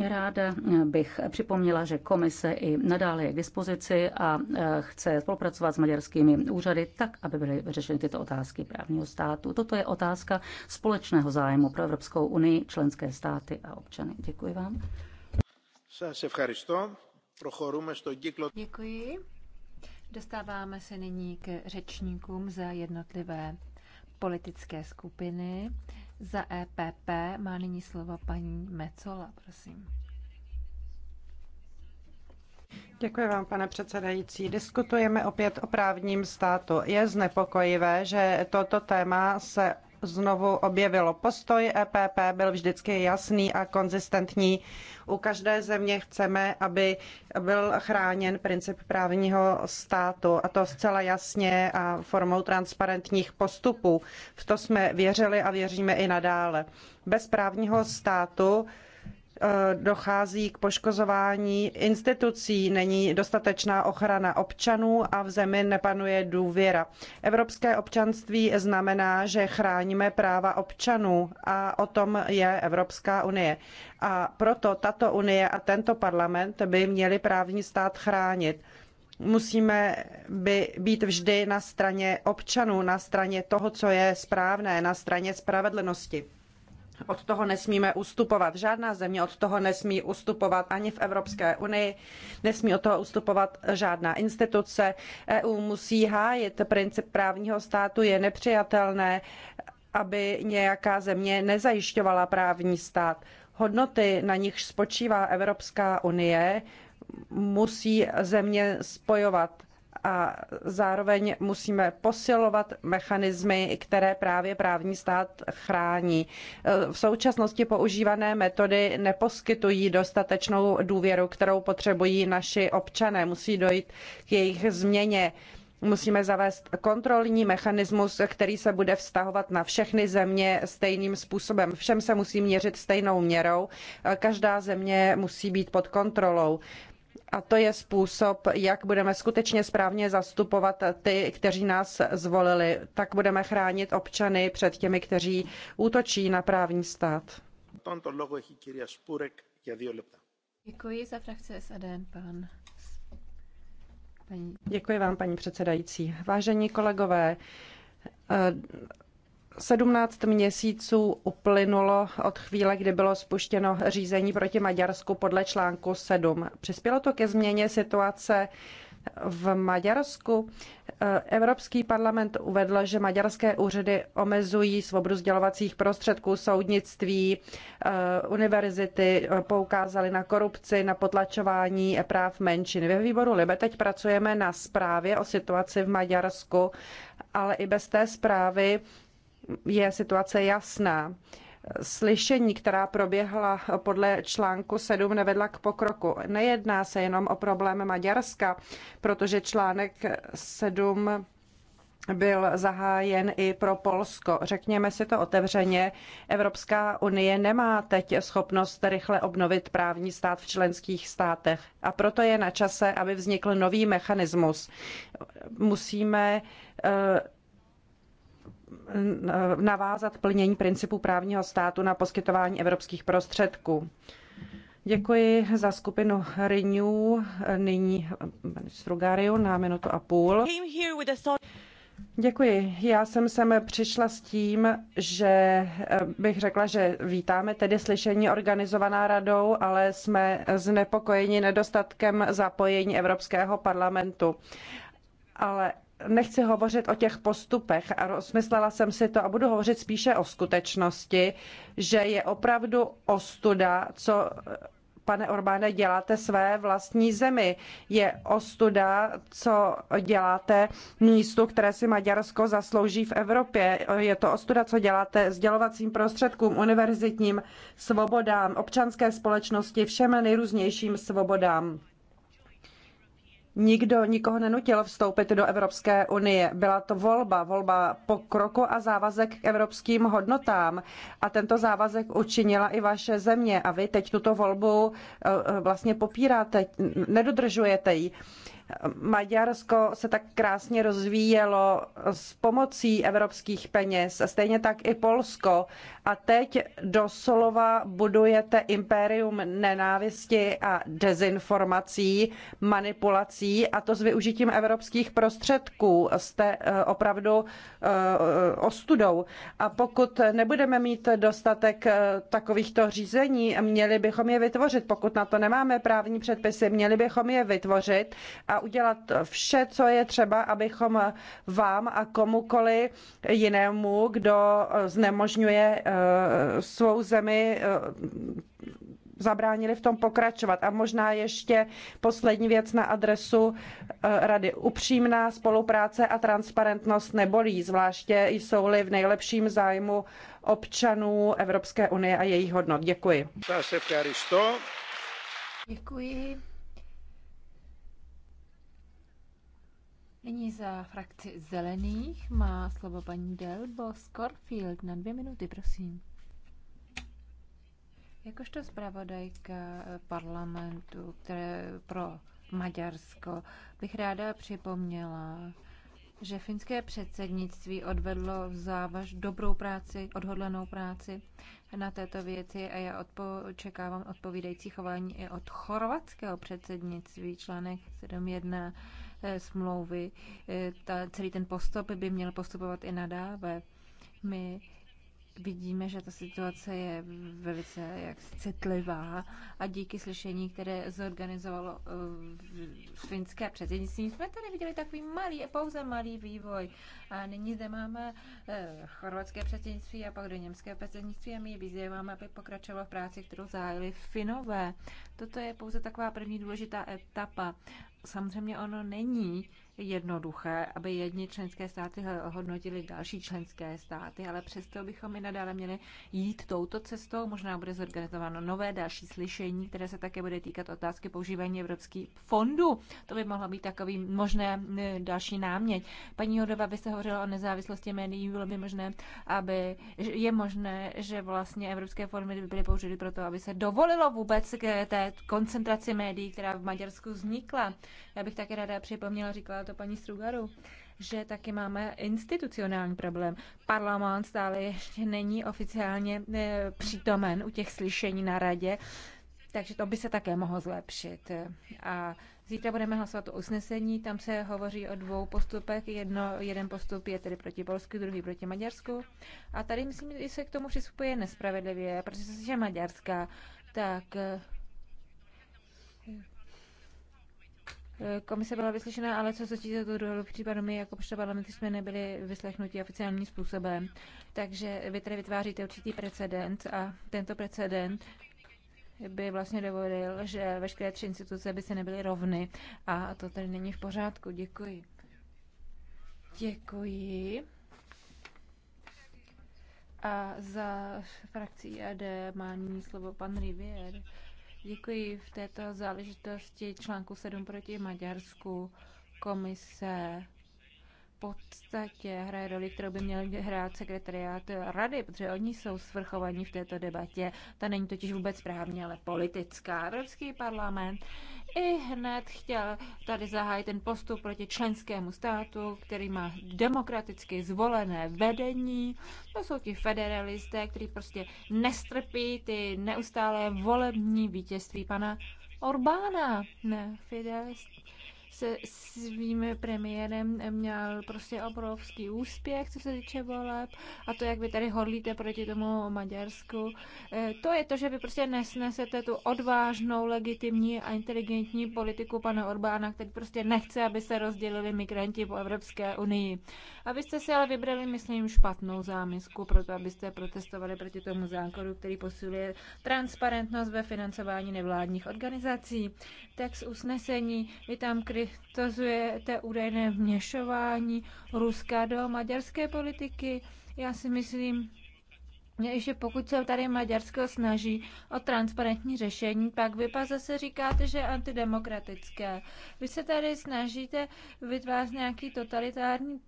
Ráda bych připomněla, že komise i nadále je k dispozici a e, chce spolupracovat s maďarskými úřady tak, aby byly řešeny tyto otázky právního státu. Toto je otázka společného zájmu pro Evropskou unii, členské státy a občany. Děkuji vám. Děkuji. Dostáváme se nyní k řečníkům za jednotlivé politické skupiny. Za EPP má nyní slovo paní Mecola, prosím. Děkuji vám, pane předsedající. Diskutujeme opět o právním státu. Je znepokojivé, že toto téma se znovu objevilo. Postoj EPP byl vždycky jasný a konzistentní. U každé země chceme, aby byl chráněn princip právního státu a to zcela jasně a formou transparentních postupů. V to jsme věřili a věříme i nadále. Bez právního státu Eh, dochází k poškozování institucí, není dostatečná ochrana občanů a v zemi nepanuje důvěra. Evropské občanství znamená, že chráníme práva občanů a o tom je Evropská unie. A proto tato unie a tento parlament by měli právní stát chránit musíme by být vždy na straně občanů, na straně toho, co je správné, na straně spravedlnosti. Od toho nesmíme ustupovat. Žádná země od toho nesmí ustupovat ani v Evropské unii, nesmí od toho ustupovat žádná instituce. EU musí hájit princip právního státu, je nepřijatelné, aby nějaká země nezajišťovala právní stát. Hodnoty, na nichž spočívá Evropská unie, musí země spojovat a zároveň musíme posilovat mechanismy, které právě právní stát chrání. V současnosti používané metody neposkytují dostatečnou důvěru, kterou potřebují naši občané. Musí dojít k jejich změně. Musíme zavést kontrolní mechanismus, který se bude vztahovat na všechny země stejným způsobem. Všem se musí měřit stejnou měrou. Každá země musí být pod kontrolou. A to je způsob, jak budeme skutečně správně zastupovat ty, kteří nás zvolili. Tak budeme chránit občany před těmi, kteří útočí na právní stát. Děkuji za frakce SAD, pan. Paní. Děkuji vám, paní předsedající. Vážení kolegové, 17 měsíců uplynulo od chvíle, kdy bylo spuštěno řízení proti Maďarsku podle článku 7. Přispělo to ke změně situace v Maďarsku. Evropský parlament uvedl, že maďarské úřady omezují svobodu sdělovacích prostředků, soudnictví, eh, univerzity eh, poukázaly na korupci, na potlačování práv menšin. Ve výboru Libe teď pracujeme na zprávě o situaci v Maďarsku, ale i bez té zprávy je situace jasná. Slyšení, která proběhla podle článku 7, nevedla k pokroku. Nejedná se jenom o problém Maďarska, protože článek 7 byl zahájen i pro Polsko. Řekněme si to otevřeně, Evropská unie nemá teď schopnost rychle obnovit právní stát v členských státech a proto je na čase, aby vznikl nový mechanismus. Musíme eh, navázat plnění principu právního státu na poskytování evropských prostředků. Děkuji za skupinu Renew, nyní Gariu na minutu a půl. Děkuji. Já jsem sem přišla s tím, že bych řekla, že vítáme tedy slyšení organizovaná radou, ale jsme znepokojeni nedostatkem zapojení Evropského parlamentu. Ale nechci hovořit o těch postupech a rozmyslela jsem si to a budu hovořit spíše o skutečnosti, že je opravdu ostuda, co pane Orbáne, děláte své vlastní zemi. Je ostuda, co děláte místu, které si Maďarsko zaslouží v Evropě. Je to ostuda, co děláte sdělovacím prostředkům, univerzitním svobodám, občanské společnosti, všem nejrůznějším svobodám. Nikdo nikoho nenutil vstoupit do Evropské unie. Byla to volba, volba pokroku a závazek k evropským hodnotám. A tento závazek učinila i vaše země. A vy teď tuto volbu eh, vlastně popíráte, nedodržujete ji. Maďarsko se tak krásně rozvíjelo s pomocí evropských peněz, a stejně tak i Polsko. A teď doslova budujete impérium nenávisti a dezinformací, manipulací a to s využitím evropských prostředků. Jste eh, opravdu eh, ostudou. A pokud nebudeme mít dostatek eh, takovýchto řízení, měli bychom je vytvořit. Pokud na to nemáme právní předpisy, měli bychom je vytvořit a udělat vše, co je třeba, abychom vám a komukoli jinému, kdo znemožňuje eh, svou zemi eh, zabránili v tom pokračovat. A možná ještě poslední věc na adresu eh, rady. Upřímná spolupráce a transparentnost nebolí, zvláště jsou-li v nejlepším zájmu občanů Evropské unie a jejich hodnot. Děkuji. Děkuji. Nyní za frakci zelených má slovo paní Delbo Scorfield na dvě minuty, prosím. Jakožto zpravodajka parlamentu které pro Maďarsko bych ráda připomněla, že finské předsednictví odvedlo závaž dobrou práci, odhodlanou práci na této věci a já odpo- očekávám odpovídající chování i od chorvatského předsednictví, článek 7.1 Eh, smlouvy. Eh, ta, celý ten postup by měl postupovat i nadále. My vidíme, že ta situace je velice jak citlivá a díky slyšení, které zorganizovalo uh, finské předsednictví, jsme tady viděli takový malý, pouze malý vývoj. A nyní zde máme uh, chorvatské předsednictví a pak do německé předsednictví a my vyzýváme, aby pokračovalo v práci, kterou zahájili Finové. Toto je pouze taková první důležitá etapa samozřejmě ono není jednoduché, aby jedni členské státy hodnotili další členské státy, ale přesto bychom i nadále měli jít touto cestou. Možná bude zorganizováno nové další slyšení, které se také bude týkat otázky používání evropských fondů. To by mohlo být takový možné e, další námět. Paní Hodova, by se hovořila o nezávislosti médií, bylo by možné, aby je možné, že vlastně evropské fondy by byly použity pro to, aby se dovolilo vůbec k té koncentraci médií, která v Maďarsku vznikla. Já bych také ráda připomněla, říkala to paní Strugaru, že taky máme institucionální problém. Parlament stále ještě není oficiálně eh, přítomen u těch slyšení na radě, takže to by se také mohlo zlepšit. A Zítra budeme hlasovat o usnesení, tam se hovoří o dvou postupech. Jedno, jeden postup je tedy proti Polsku, druhý proti Maďarsku. A tady myslím, že se k tomu přistupuje nespravedlivě, protože se že Maďarska, tak eh, Komise byla vyslyšena, ale co se týče toho druhého případu, my jako parlamenty jsme nebyli vyslechnuti oficiálním způsobem. Takže vy tady vytváříte určitý precedent a tento precedent by vlastně dovolil, že veškeré tři instituce by se nebyly rovny a to tady není v pořádku. Děkuji. Děkuji. A za frakci AD má nyní slovo pan Rivier. Děkuji v této záležitosti článku 7 proti Maďarsku komise podstatě hraje roli, kterou by měl hrát sekretariát rady, protože oni jsou svrchovaní v této debatě. Ta není totiž vůbec právně, ale politická. Evropský parlament i hned chtěl tady zahájit ten postup proti členskému státu, který má demokraticky zvolené vedení. To jsou ti federalisté, kteří prostě nestrpí ty neustálé volební vítězství pana Orbána. Ne, fidelist se svým premiérem měl prostě obrovský úspěch, co se týče voleb. A to, jak vy tady hodlíte proti tomu Maďarsku, eh, to je to, že vy prostě nesnesete tu odvážnou, legitimní a inteligentní politiku pana Orbána, který prostě nechce, aby se rozdělili migranti po Evropské unii. A vy jste si ale vybrali, myslím, špatnou zámisku, to, abyste protestovali proti tomu zákonu, který posiluje transparentnost ve financování nevládních organizací. Text usnesení, vy tam kri- kritizujete údajné vměšování Ruska do maďarské politiky. Já si myslím, že pokud se tady Maďarsko snaží o transparentní řešení, pak vy pak zase říkáte, že je antidemokratické. Vy se tady snažíte vytvářet nějaký totalitární,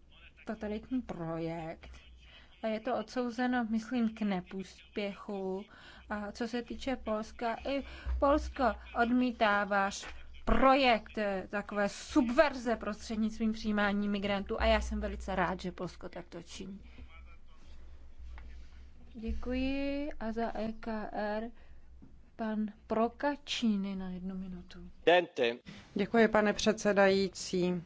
totalitní projekt a je to odsouzeno, myslím, k nepůspěchu. A co se týče Polska, i Polsko odmítá váš projekt eh, takové subverze prostřednictvím přijímání migrantů a já jsem velice rád, že Polsko takto činí. Děkuji a za EKR pan Prokačíny na jednu minutu. Děkuji, pane předsedající.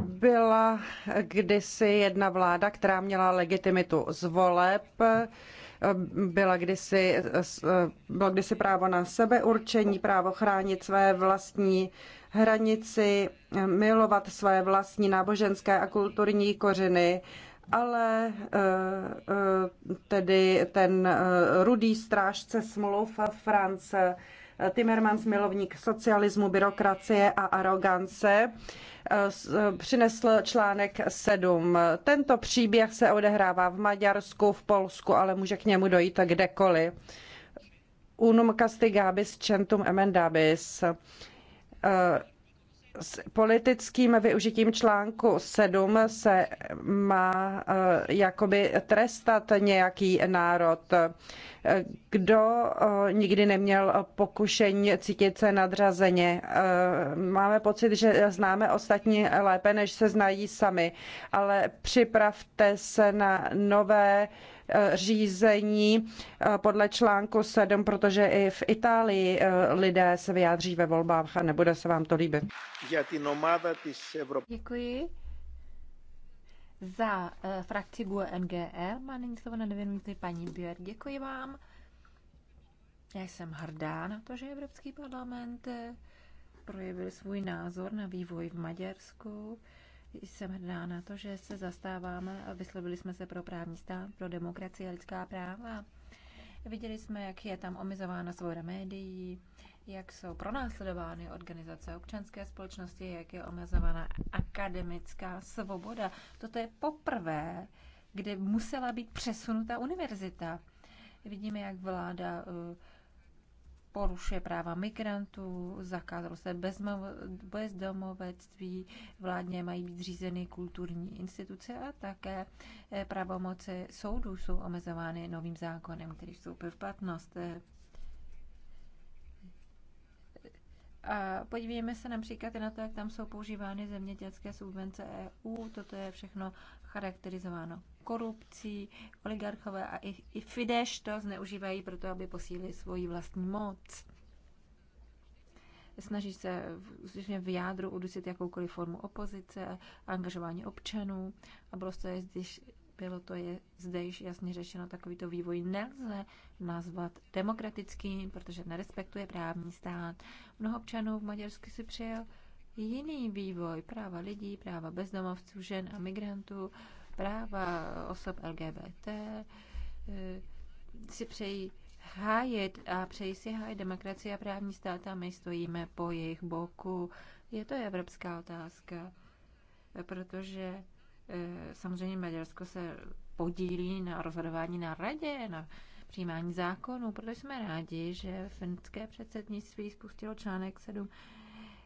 Byla kdysi jedna vláda, která měla legitimitu z voleb byla kdysi, bylo kdysi právo na sebeurčení, právo chránit své vlastní hranici, milovat své vlastní náboženské a kulturní kořeny ale eh, eh, tedy ten eh, rudý strážce smluv Franc Timmermans, milovník socialismu, byrokracie a arogance, přinesl článek 7. Tento příběh se odehrává v Maďarsku, v Polsku, ale může k němu dojít kdekoliv. Unum castigabis centum emendabis s politickým využitím článku 7 se má eh, jakoby trestat nějaký národ. Kdo eh, nikdy neměl pokušení cítit se nadřazeně? Eh, máme pocit, že známe ostatní lépe, než se znají sami, ale připravte se na nové řízení eh, podle článku 7, protože i v Itálii eh, lidé se vyjádří ve volbách a nebude se vám to líbit. Děkuji. Za uh, frakci GUE NGL má nyní slovo na dvě minuty paní Björk. Děkuji vám. Já jsem hrdá na to, že Evropský parlament projevil svůj názor na vývoj v Maďarsku. Jsem hrdá na to, že se zastáváme a vyslovili jsme se pro právní stát, pro demokracii a lidská práva. Viděli jsme, jak je tam omezována svoboda médií, jak jsou pronásledovány organizace občanské společnosti, jak je omezována akademická svoboda. Toto je poprvé, kde musela být přesunuta univerzita. Vidíme, jak vláda eh, porušuje práva migrantů, zakázalo se bezdomovectví, vládně mají být řízeny kulturní instituce a také eh, pravomoci soudů jsou omezovány novým zákonem, který vstoupil v platnost. Eh, A podívejme se například i na to, jak tam jsou používány zemědělské subvence EU. Toto je všechno charakterizováno korupcí, oligarchové a i, i Fidesz to zneužívají proto, aby posílili svoji vlastní moc. Snaží se v, v jádru udusit jakoukoliv formu opozice, angažování občanů a prostě je zde bylo to je zde již jasně řešeno, takovýto vývoj nelze nazvat demokratickým, protože nerespektuje právní stát. Mnoho občanů v Maďarsku si přijel jiný vývoj práva lidí, práva bezdomovců, žen a migrantů, práva osob LGBT, eh, si přejí hájit a přejí si hájit demokracie a právní stát a my stojíme po jejich boku. Je to evropská otázka, protože Eh, samozřejmě Maďarsko se podílí na rozhodování na radě, na přijímání zákonů, proto jsme rádi, že finské předsednictví spustilo článek 7,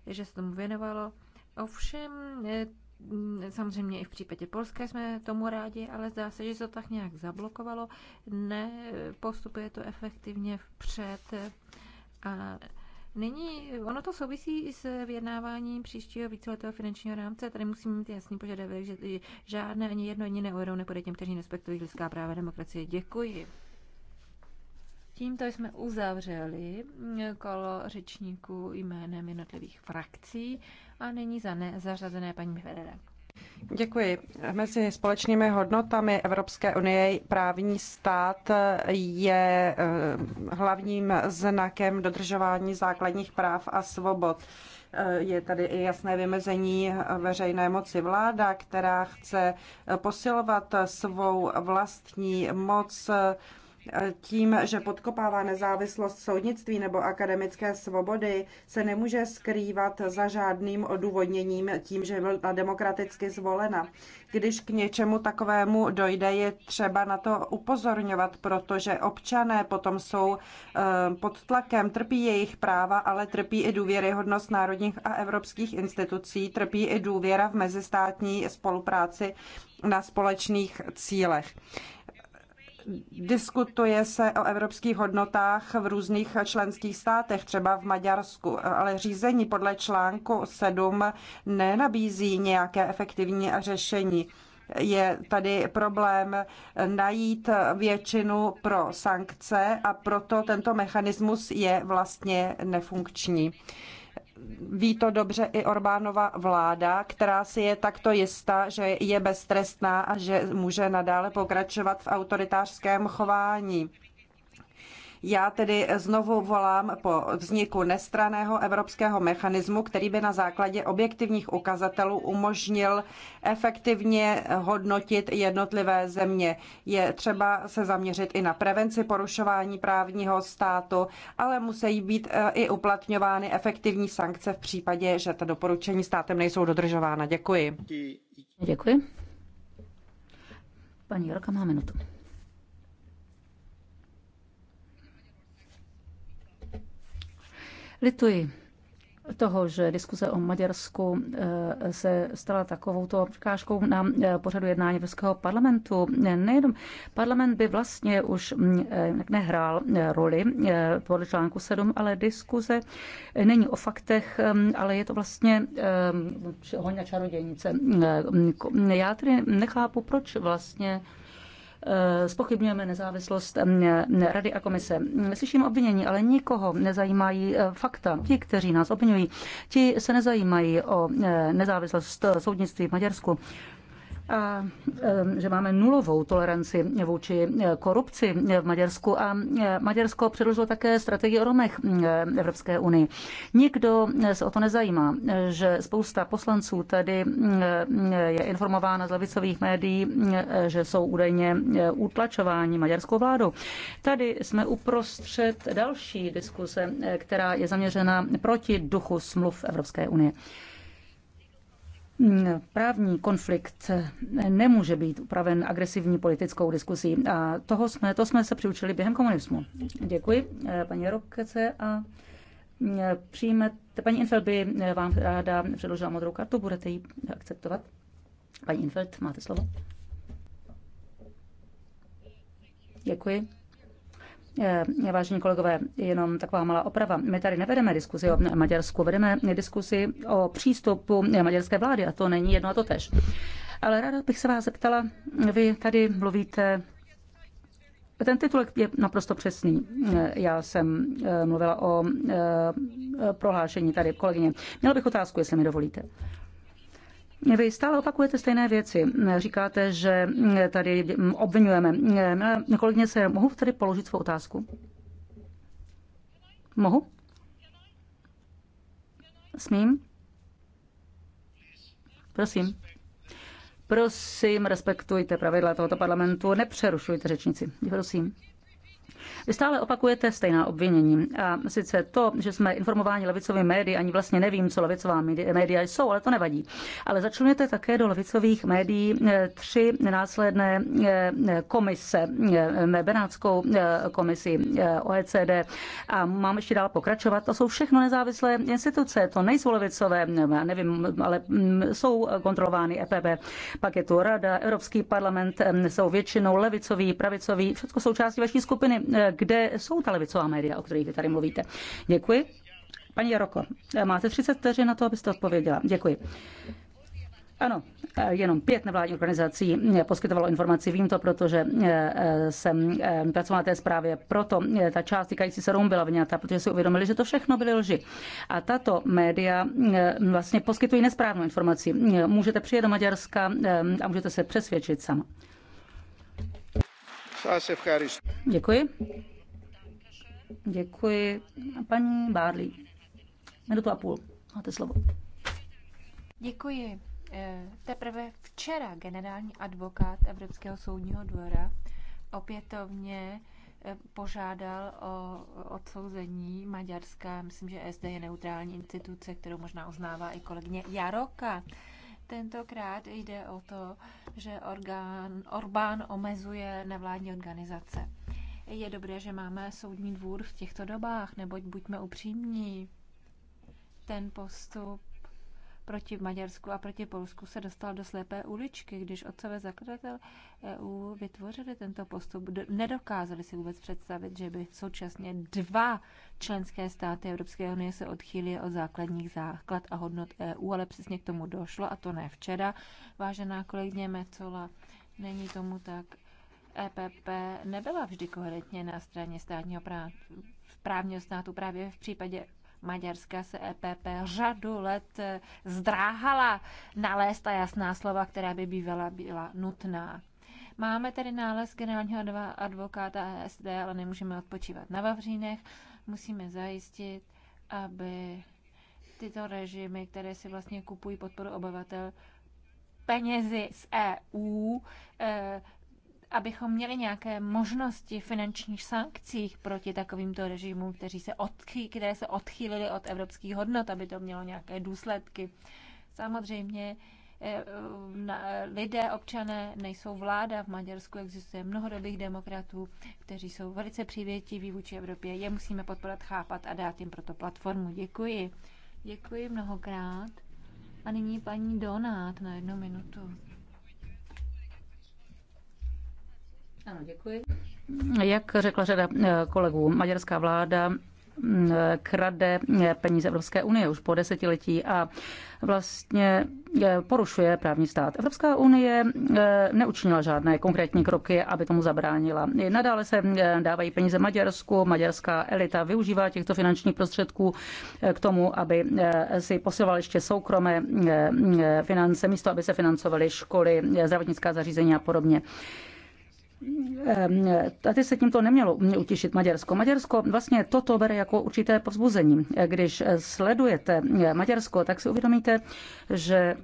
že se tomu věnovalo. Ovšem, eh, samozřejmě i v případě Polské jsme tomu rádi, ale zdá se, že se to tak nějak zablokovalo, nepostupuje eh, to efektivně vpřed a Není, ono to souvisí i s vyjednáváním příštího víceletého finančního rámce. Tady musím mít jasný požadavek, že žádné ani jedno ani euro nepůjde těm, kteří nespektují lidská práva a demokracie. Děkuji. Tímto jsme uzavřeli kolo řečníků jménem jednotlivých frakcí a nyní za nezařazené paní Ferrera. Děkuji. Mezi společnými hodnotami Evropské unie právní stát je eh, hlavním znakem dodržování základních práv a svobod. Eh, je tady i jasné vymezení veřejné moci vláda, která chce posilovat svou vlastní moc tím, že podkopává nezávislost soudnictví nebo akademické svobody, se nemůže skrývat za žádným odůvodněním tím, že byla demokraticky zvolena. Když k něčemu takovému dojde, je třeba na to upozorňovat, protože občané potom jsou eh, pod tlakem, trpí jejich práva, ale trpí i důvěryhodnost národních a evropských institucí, trpí i důvěra v mezistátní spolupráci na společných cílech. Diskutuje se o evropských hodnotách v různých členských státech, třeba v Maďarsku, ale řízení podle článku 7 nenabízí nějaké efektivní řešení. Je tady problém najít většinu pro sankce a proto tento mechanismus je vlastně nefunkční ví to dobře i Orbánova vláda, která si je takto jistá, že je beztrestná a že může nadále pokračovat v autoritářském chování. Já tedy znovu volám po vzniku nestraného evropského mechanismu, který by na základě objektivních ukazatelů umožnil efektivně hodnotit jednotlivé země. Je třeba se zaměřit i na prevenci porušování právního státu, ale musí být eh, i uplatňovány efektivní sankce v případě, že ta doporučení státem nejsou dodržována. Děkuji. Děkuji. Paní Jorka má minutu. Lituji toho, že diskuze o Maďarsku eh, se stala takovouto překážkou na eh, pořadu jednání Evropského parlamentu. Nejenom parlament by vlastně už mm, eh, nehrál roli podle článku 7, ale diskuze není o faktech, ale je to vlastně hodně čarodějnice. Mm, já tedy nechápu, proč vlastně Eh, spochybňujeme nezávislost mm, eh, Rady a komise. Mm, slyším obvinění, ale nikoho nezajímají eh, fakta. Ti, kteří nás obvinují, ti se nezajímají o nezávislost soudnictví v Maďarsku a že máme nulovou toleranci vůči eh, korupci v Maďarsku a eh, Maďarsko předložilo také strategii o Romech eh, Evropské unii. Nikdo se o to nezajímá, že spousta poslanců tady je informována z levicových médií, že jsou údajně utlačováni maďarskou vládou. Tady jsme uprostřed další diskuse, která je zaměřena proti duchu smluv Evropské unie. Právní konflikt nemůže být upraven agresivní politickou diskusí a toho jsme, to jsme se přiučili během komunismu. Děkuji eh, paní Rokece a eh, přijmete, paní Infeld by eh, vám ráda předložila modrou kartu, budete ji akceptovat? Paní Infeld, máte slovo. Děkuji. Eh, vážení kolegové, jenom taková malá oprava. My tady nevedeme diskuzi o Maďarsku, vedeme diskuzi o přístupu maďarské vlády a to není jedno a to tež. Ale ráda bych se vás zeptala, vy tady mluvíte ten titulek je naprosto přesný. Eh, já jsem eh, mluvila o prohlášení tady kolegyně. Měla bych otázku, jestli mi dovolíte. Vy stále opakujete stejné věci. Říkáte, že tady obvinujeme. Kolegyně se, mohu tady položit svou otázku? Mohu? Smím? Prosím. Prosím, respektujte pravidla tohoto parlamentu, nepřerušujte řečnici. Prosím. Vy stále opakujete stejná obvinění. A sice to, že jsme informováni levicovými médii, ani vlastně nevím, co levicová média jsou, ale to nevadí. Ale začlenujete také do levicových médií eh, tři následné eh, komise, eh, Benátskou komisi OECD a mám ještě dál pokračovat. To jsou všechno nezávislé instituce, to nejsou levicové, nevím, ale mm, jsou kontrolovány EPB. Pak je tu Rada, Evropský parlament, jsou většinou levicový, pravicový, všechno součástí vaší skupiny změny. Eh, kde jsou ta levicová média, o kterých vy tady mluvíte? Děkuji. Paní Jaroko, eh, máte 30 vteřin na to, abyste odpověděla. Děkuji. Ano, eh, jenom pět nevládních organizací poskytovalo informaci. Vím to, protože jsem pracovala na té zprávě. Proto ta část týkající se Rům byla vyňata, protože si uvědomili, že to všechno byly lži. A tato média vlastně poskytují nesprávnou informaci. Můžete přijet do Maďarska a můžete se přesvědčit sama. Děkuji. Děkuji. Paní Bárlí, minutu a půl. Máte slovo. Děkuji. Eh, teprve včera generální advokát Evropského soudního dvora opětovně eh, požádal o odsouzení Maďarska. Myslím, že SD je neutrální instituce, kterou možná uznává i kolegyně Jaroka. Tentokrát jde o to, že orgán, Orbán omezuje nevládní organizace. Je dobré, že máme soudní dvůr v těchto dobách, neboť buďme upřímní. Ten postup proti Maďarsku a proti Polsku se dostal do slepé uličky, když otcové zakladatel EU vytvořili tento postup. Nedokázali si vůbec představit, že by současně dva členské státy Evropské unie se odchýlily od základních základ a hodnot EU, ale přesně k tomu došlo a to ne včera. Vážená kolegyně Mecola, není tomu tak. EPP nebyla vždy koherentně na straně státního práv, právního státu právě v případě Maďarska se EPP řadu let eh, zdráhala nalézt ta jasná slova, která by bývala byla nutná. Máme tedy nález generálního advokáta SD, ale nemůžeme odpočívat na Vavřínech. Musíme zajistit, aby tyto režimy, které si vlastně kupují podporu obyvatel penězi z EU, eh, abychom měli nějaké možnosti finančních sankcích proti takovýmto režimům, kteří se odchý, které se odchýlily od evropských hodnot, aby to mělo nějaké důsledky. Samozřejmě eh, lidé, občané nejsou vláda. V Maďarsku existuje mnoho dobrých demokratů, kteří jsou velice přívětiví vůči Evropě. Je musíme podporovat, chápat a dát jim proto platformu. Děkuji. Děkuji mnohokrát. A nyní paní Donát na jednu minutu. Ano, děkuji. Jak řekla řada eh, kolegů, maďarská vláda mm, krade eh, peníze Evropské unie už po desetiletí a vlastně eh, porušuje právní stát. Evropská unie neučinila žádné konkrétní kroky, aby tomu zabránila. nadále se dávají peníze Maďarsku, maďarská elita využívá těchto finančních prostředků k tomu, aby si posilovali ještě soukromé finance, místo aby se financovaly školy, zdravotnická zařízení a podobně. Ehm, tady se tímto nemělo utěšit Maďarsko. Maďarsko vlastně toto bere jako určité povzbuzení. Když sledujete Maďarsko, tak si uvědomíte, že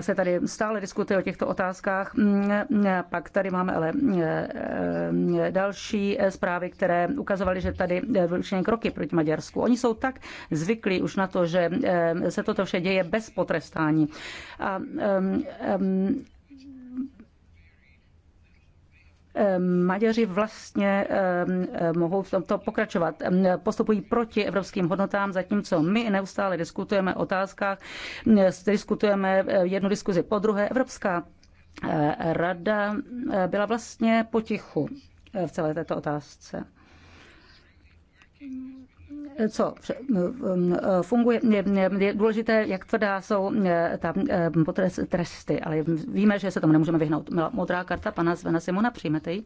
se tady stále diskutuje o těchto otázkách. Pak tady máme ale ehm, další zprávy, které ukazovaly, že tady vylučené kroky proti Maďarsku. Oni jsou tak zvyklí už na to, že ehm, se toto vše děje bez potrestání. A, Ehm, Maďaři vlastně ehm, ehm, mohou v tomto pokračovat. Postupují proti evropským hodnotám, zatímco my neustále diskutujeme o otázkách, eh, diskutujeme eh, jednu diskuzi po druhé. Evropská eh, rada byla vlastně potichu v celé této otázce co funguje, je důležité, jak tvrdá jsou ta tresty, ale víme, že se tomu nemůžeme vyhnout. Modrá karta pana Svena Simona, přijmete ji?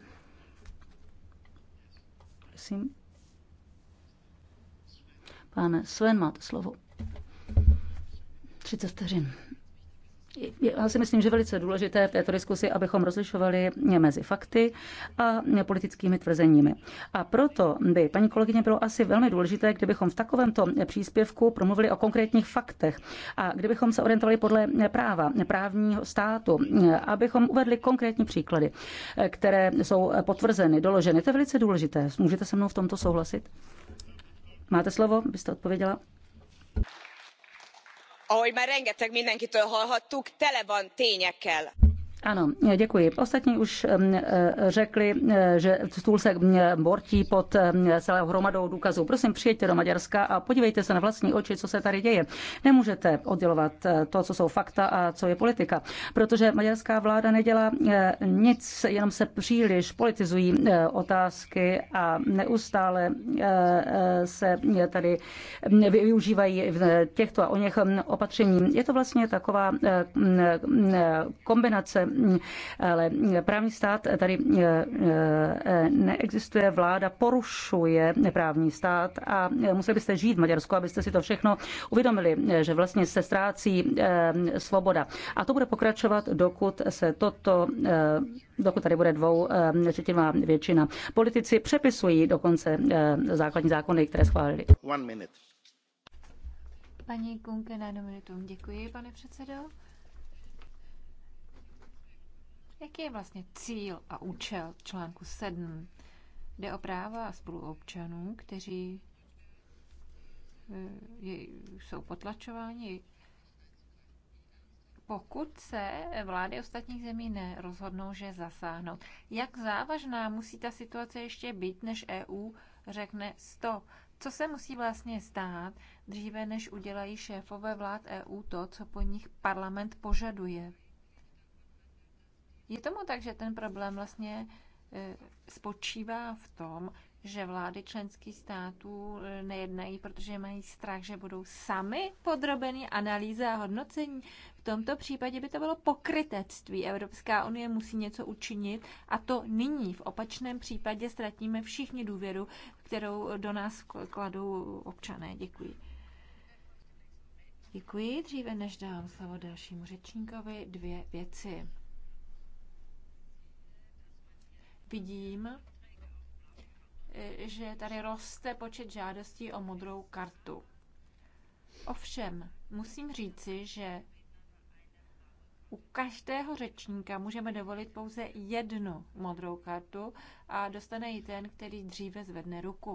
Prosím. Pane Sven, máte slovo. 30 vteřin já si myslím, že velice důležité v této diskusi, abychom rozlišovali mezi fakty a politickými tvrzeními. A proto by, paní kolegyně, bylo asi velmi důležité, kdybychom v takovémto příspěvku promluvili o konkrétních faktech a kdybychom se orientovali podle práva, právního státu, abychom uvedli konkrétní příklady, které jsou potvrzeny, doloženy. To je velice důležité. Můžete se mnou v tomto souhlasit? Máte slovo, byste odpověděla? ahogy már rengeteg mindenkitől hallhattuk tele van tényekkel. Ano, děkuji. Ostatní už e, řekli, že stůl se bortí pod celou hromadou důkazů. Prosím, přijďte do Maďarska a podívejte se na vlastní oči, co se tady děje. Nemůžete oddělovat e, to, co jsou fakta a co je politika, protože maďarská vláda nedělá e, nic, jenom se příliš politizují otázky a neustále se tady využívají těchto a o něch opatření. Je to vlastně taková kombinace ale právní stát tady eh, eh, neexistuje, vláda porušuje právní stát a eh, museli byste žít v Maďarsku, abyste si to všechno uvědomili, že vlastně se ztrácí svoboda. A to bude pokračovat, dokud se toto dokud tady bude dvou třetinová většina. Politici přepisují dokonce základní zákony, které schválili. One minute. Paní Kunke, na jednu minutu. Děkuji, pane předsedo. Jaký je vlastně cíl a účel článku 7? Jde o práva spoluobčanů, kteří eh, jsou potlačováni, pokud se vlády ostatních zemí nerozhodnou, že zasáhnou. Jak závažná musí ta situace ještě být, než EU řekne stop? Co se musí vlastně stát, dříve než udělají šéfové vlád EU to, co po nich parlament požaduje? Je tomu tak, že ten problém vlastně e, spočívá v tom, že vlády členských států e, nejednají, protože mají strach, že budou sami podrobeny analýze a hodnocení. V tomto případě by to bylo pokrytectví. Evropská unie musí něco učinit a to nyní. V opačném případě ztratíme všichni důvěru, kterou do nás kladou občané. Děkuji. Děkuji. Dříve než dám slovo dalšímu řečníkovi, dvě věci. vidím, eh, že tady roste počet žádostí o modrou kartu. Ovšem, musím říci, že u každého řečníka můžeme dovolit pouze jednu modrou kartu a dostane ji ten, který dříve zvedne ruku.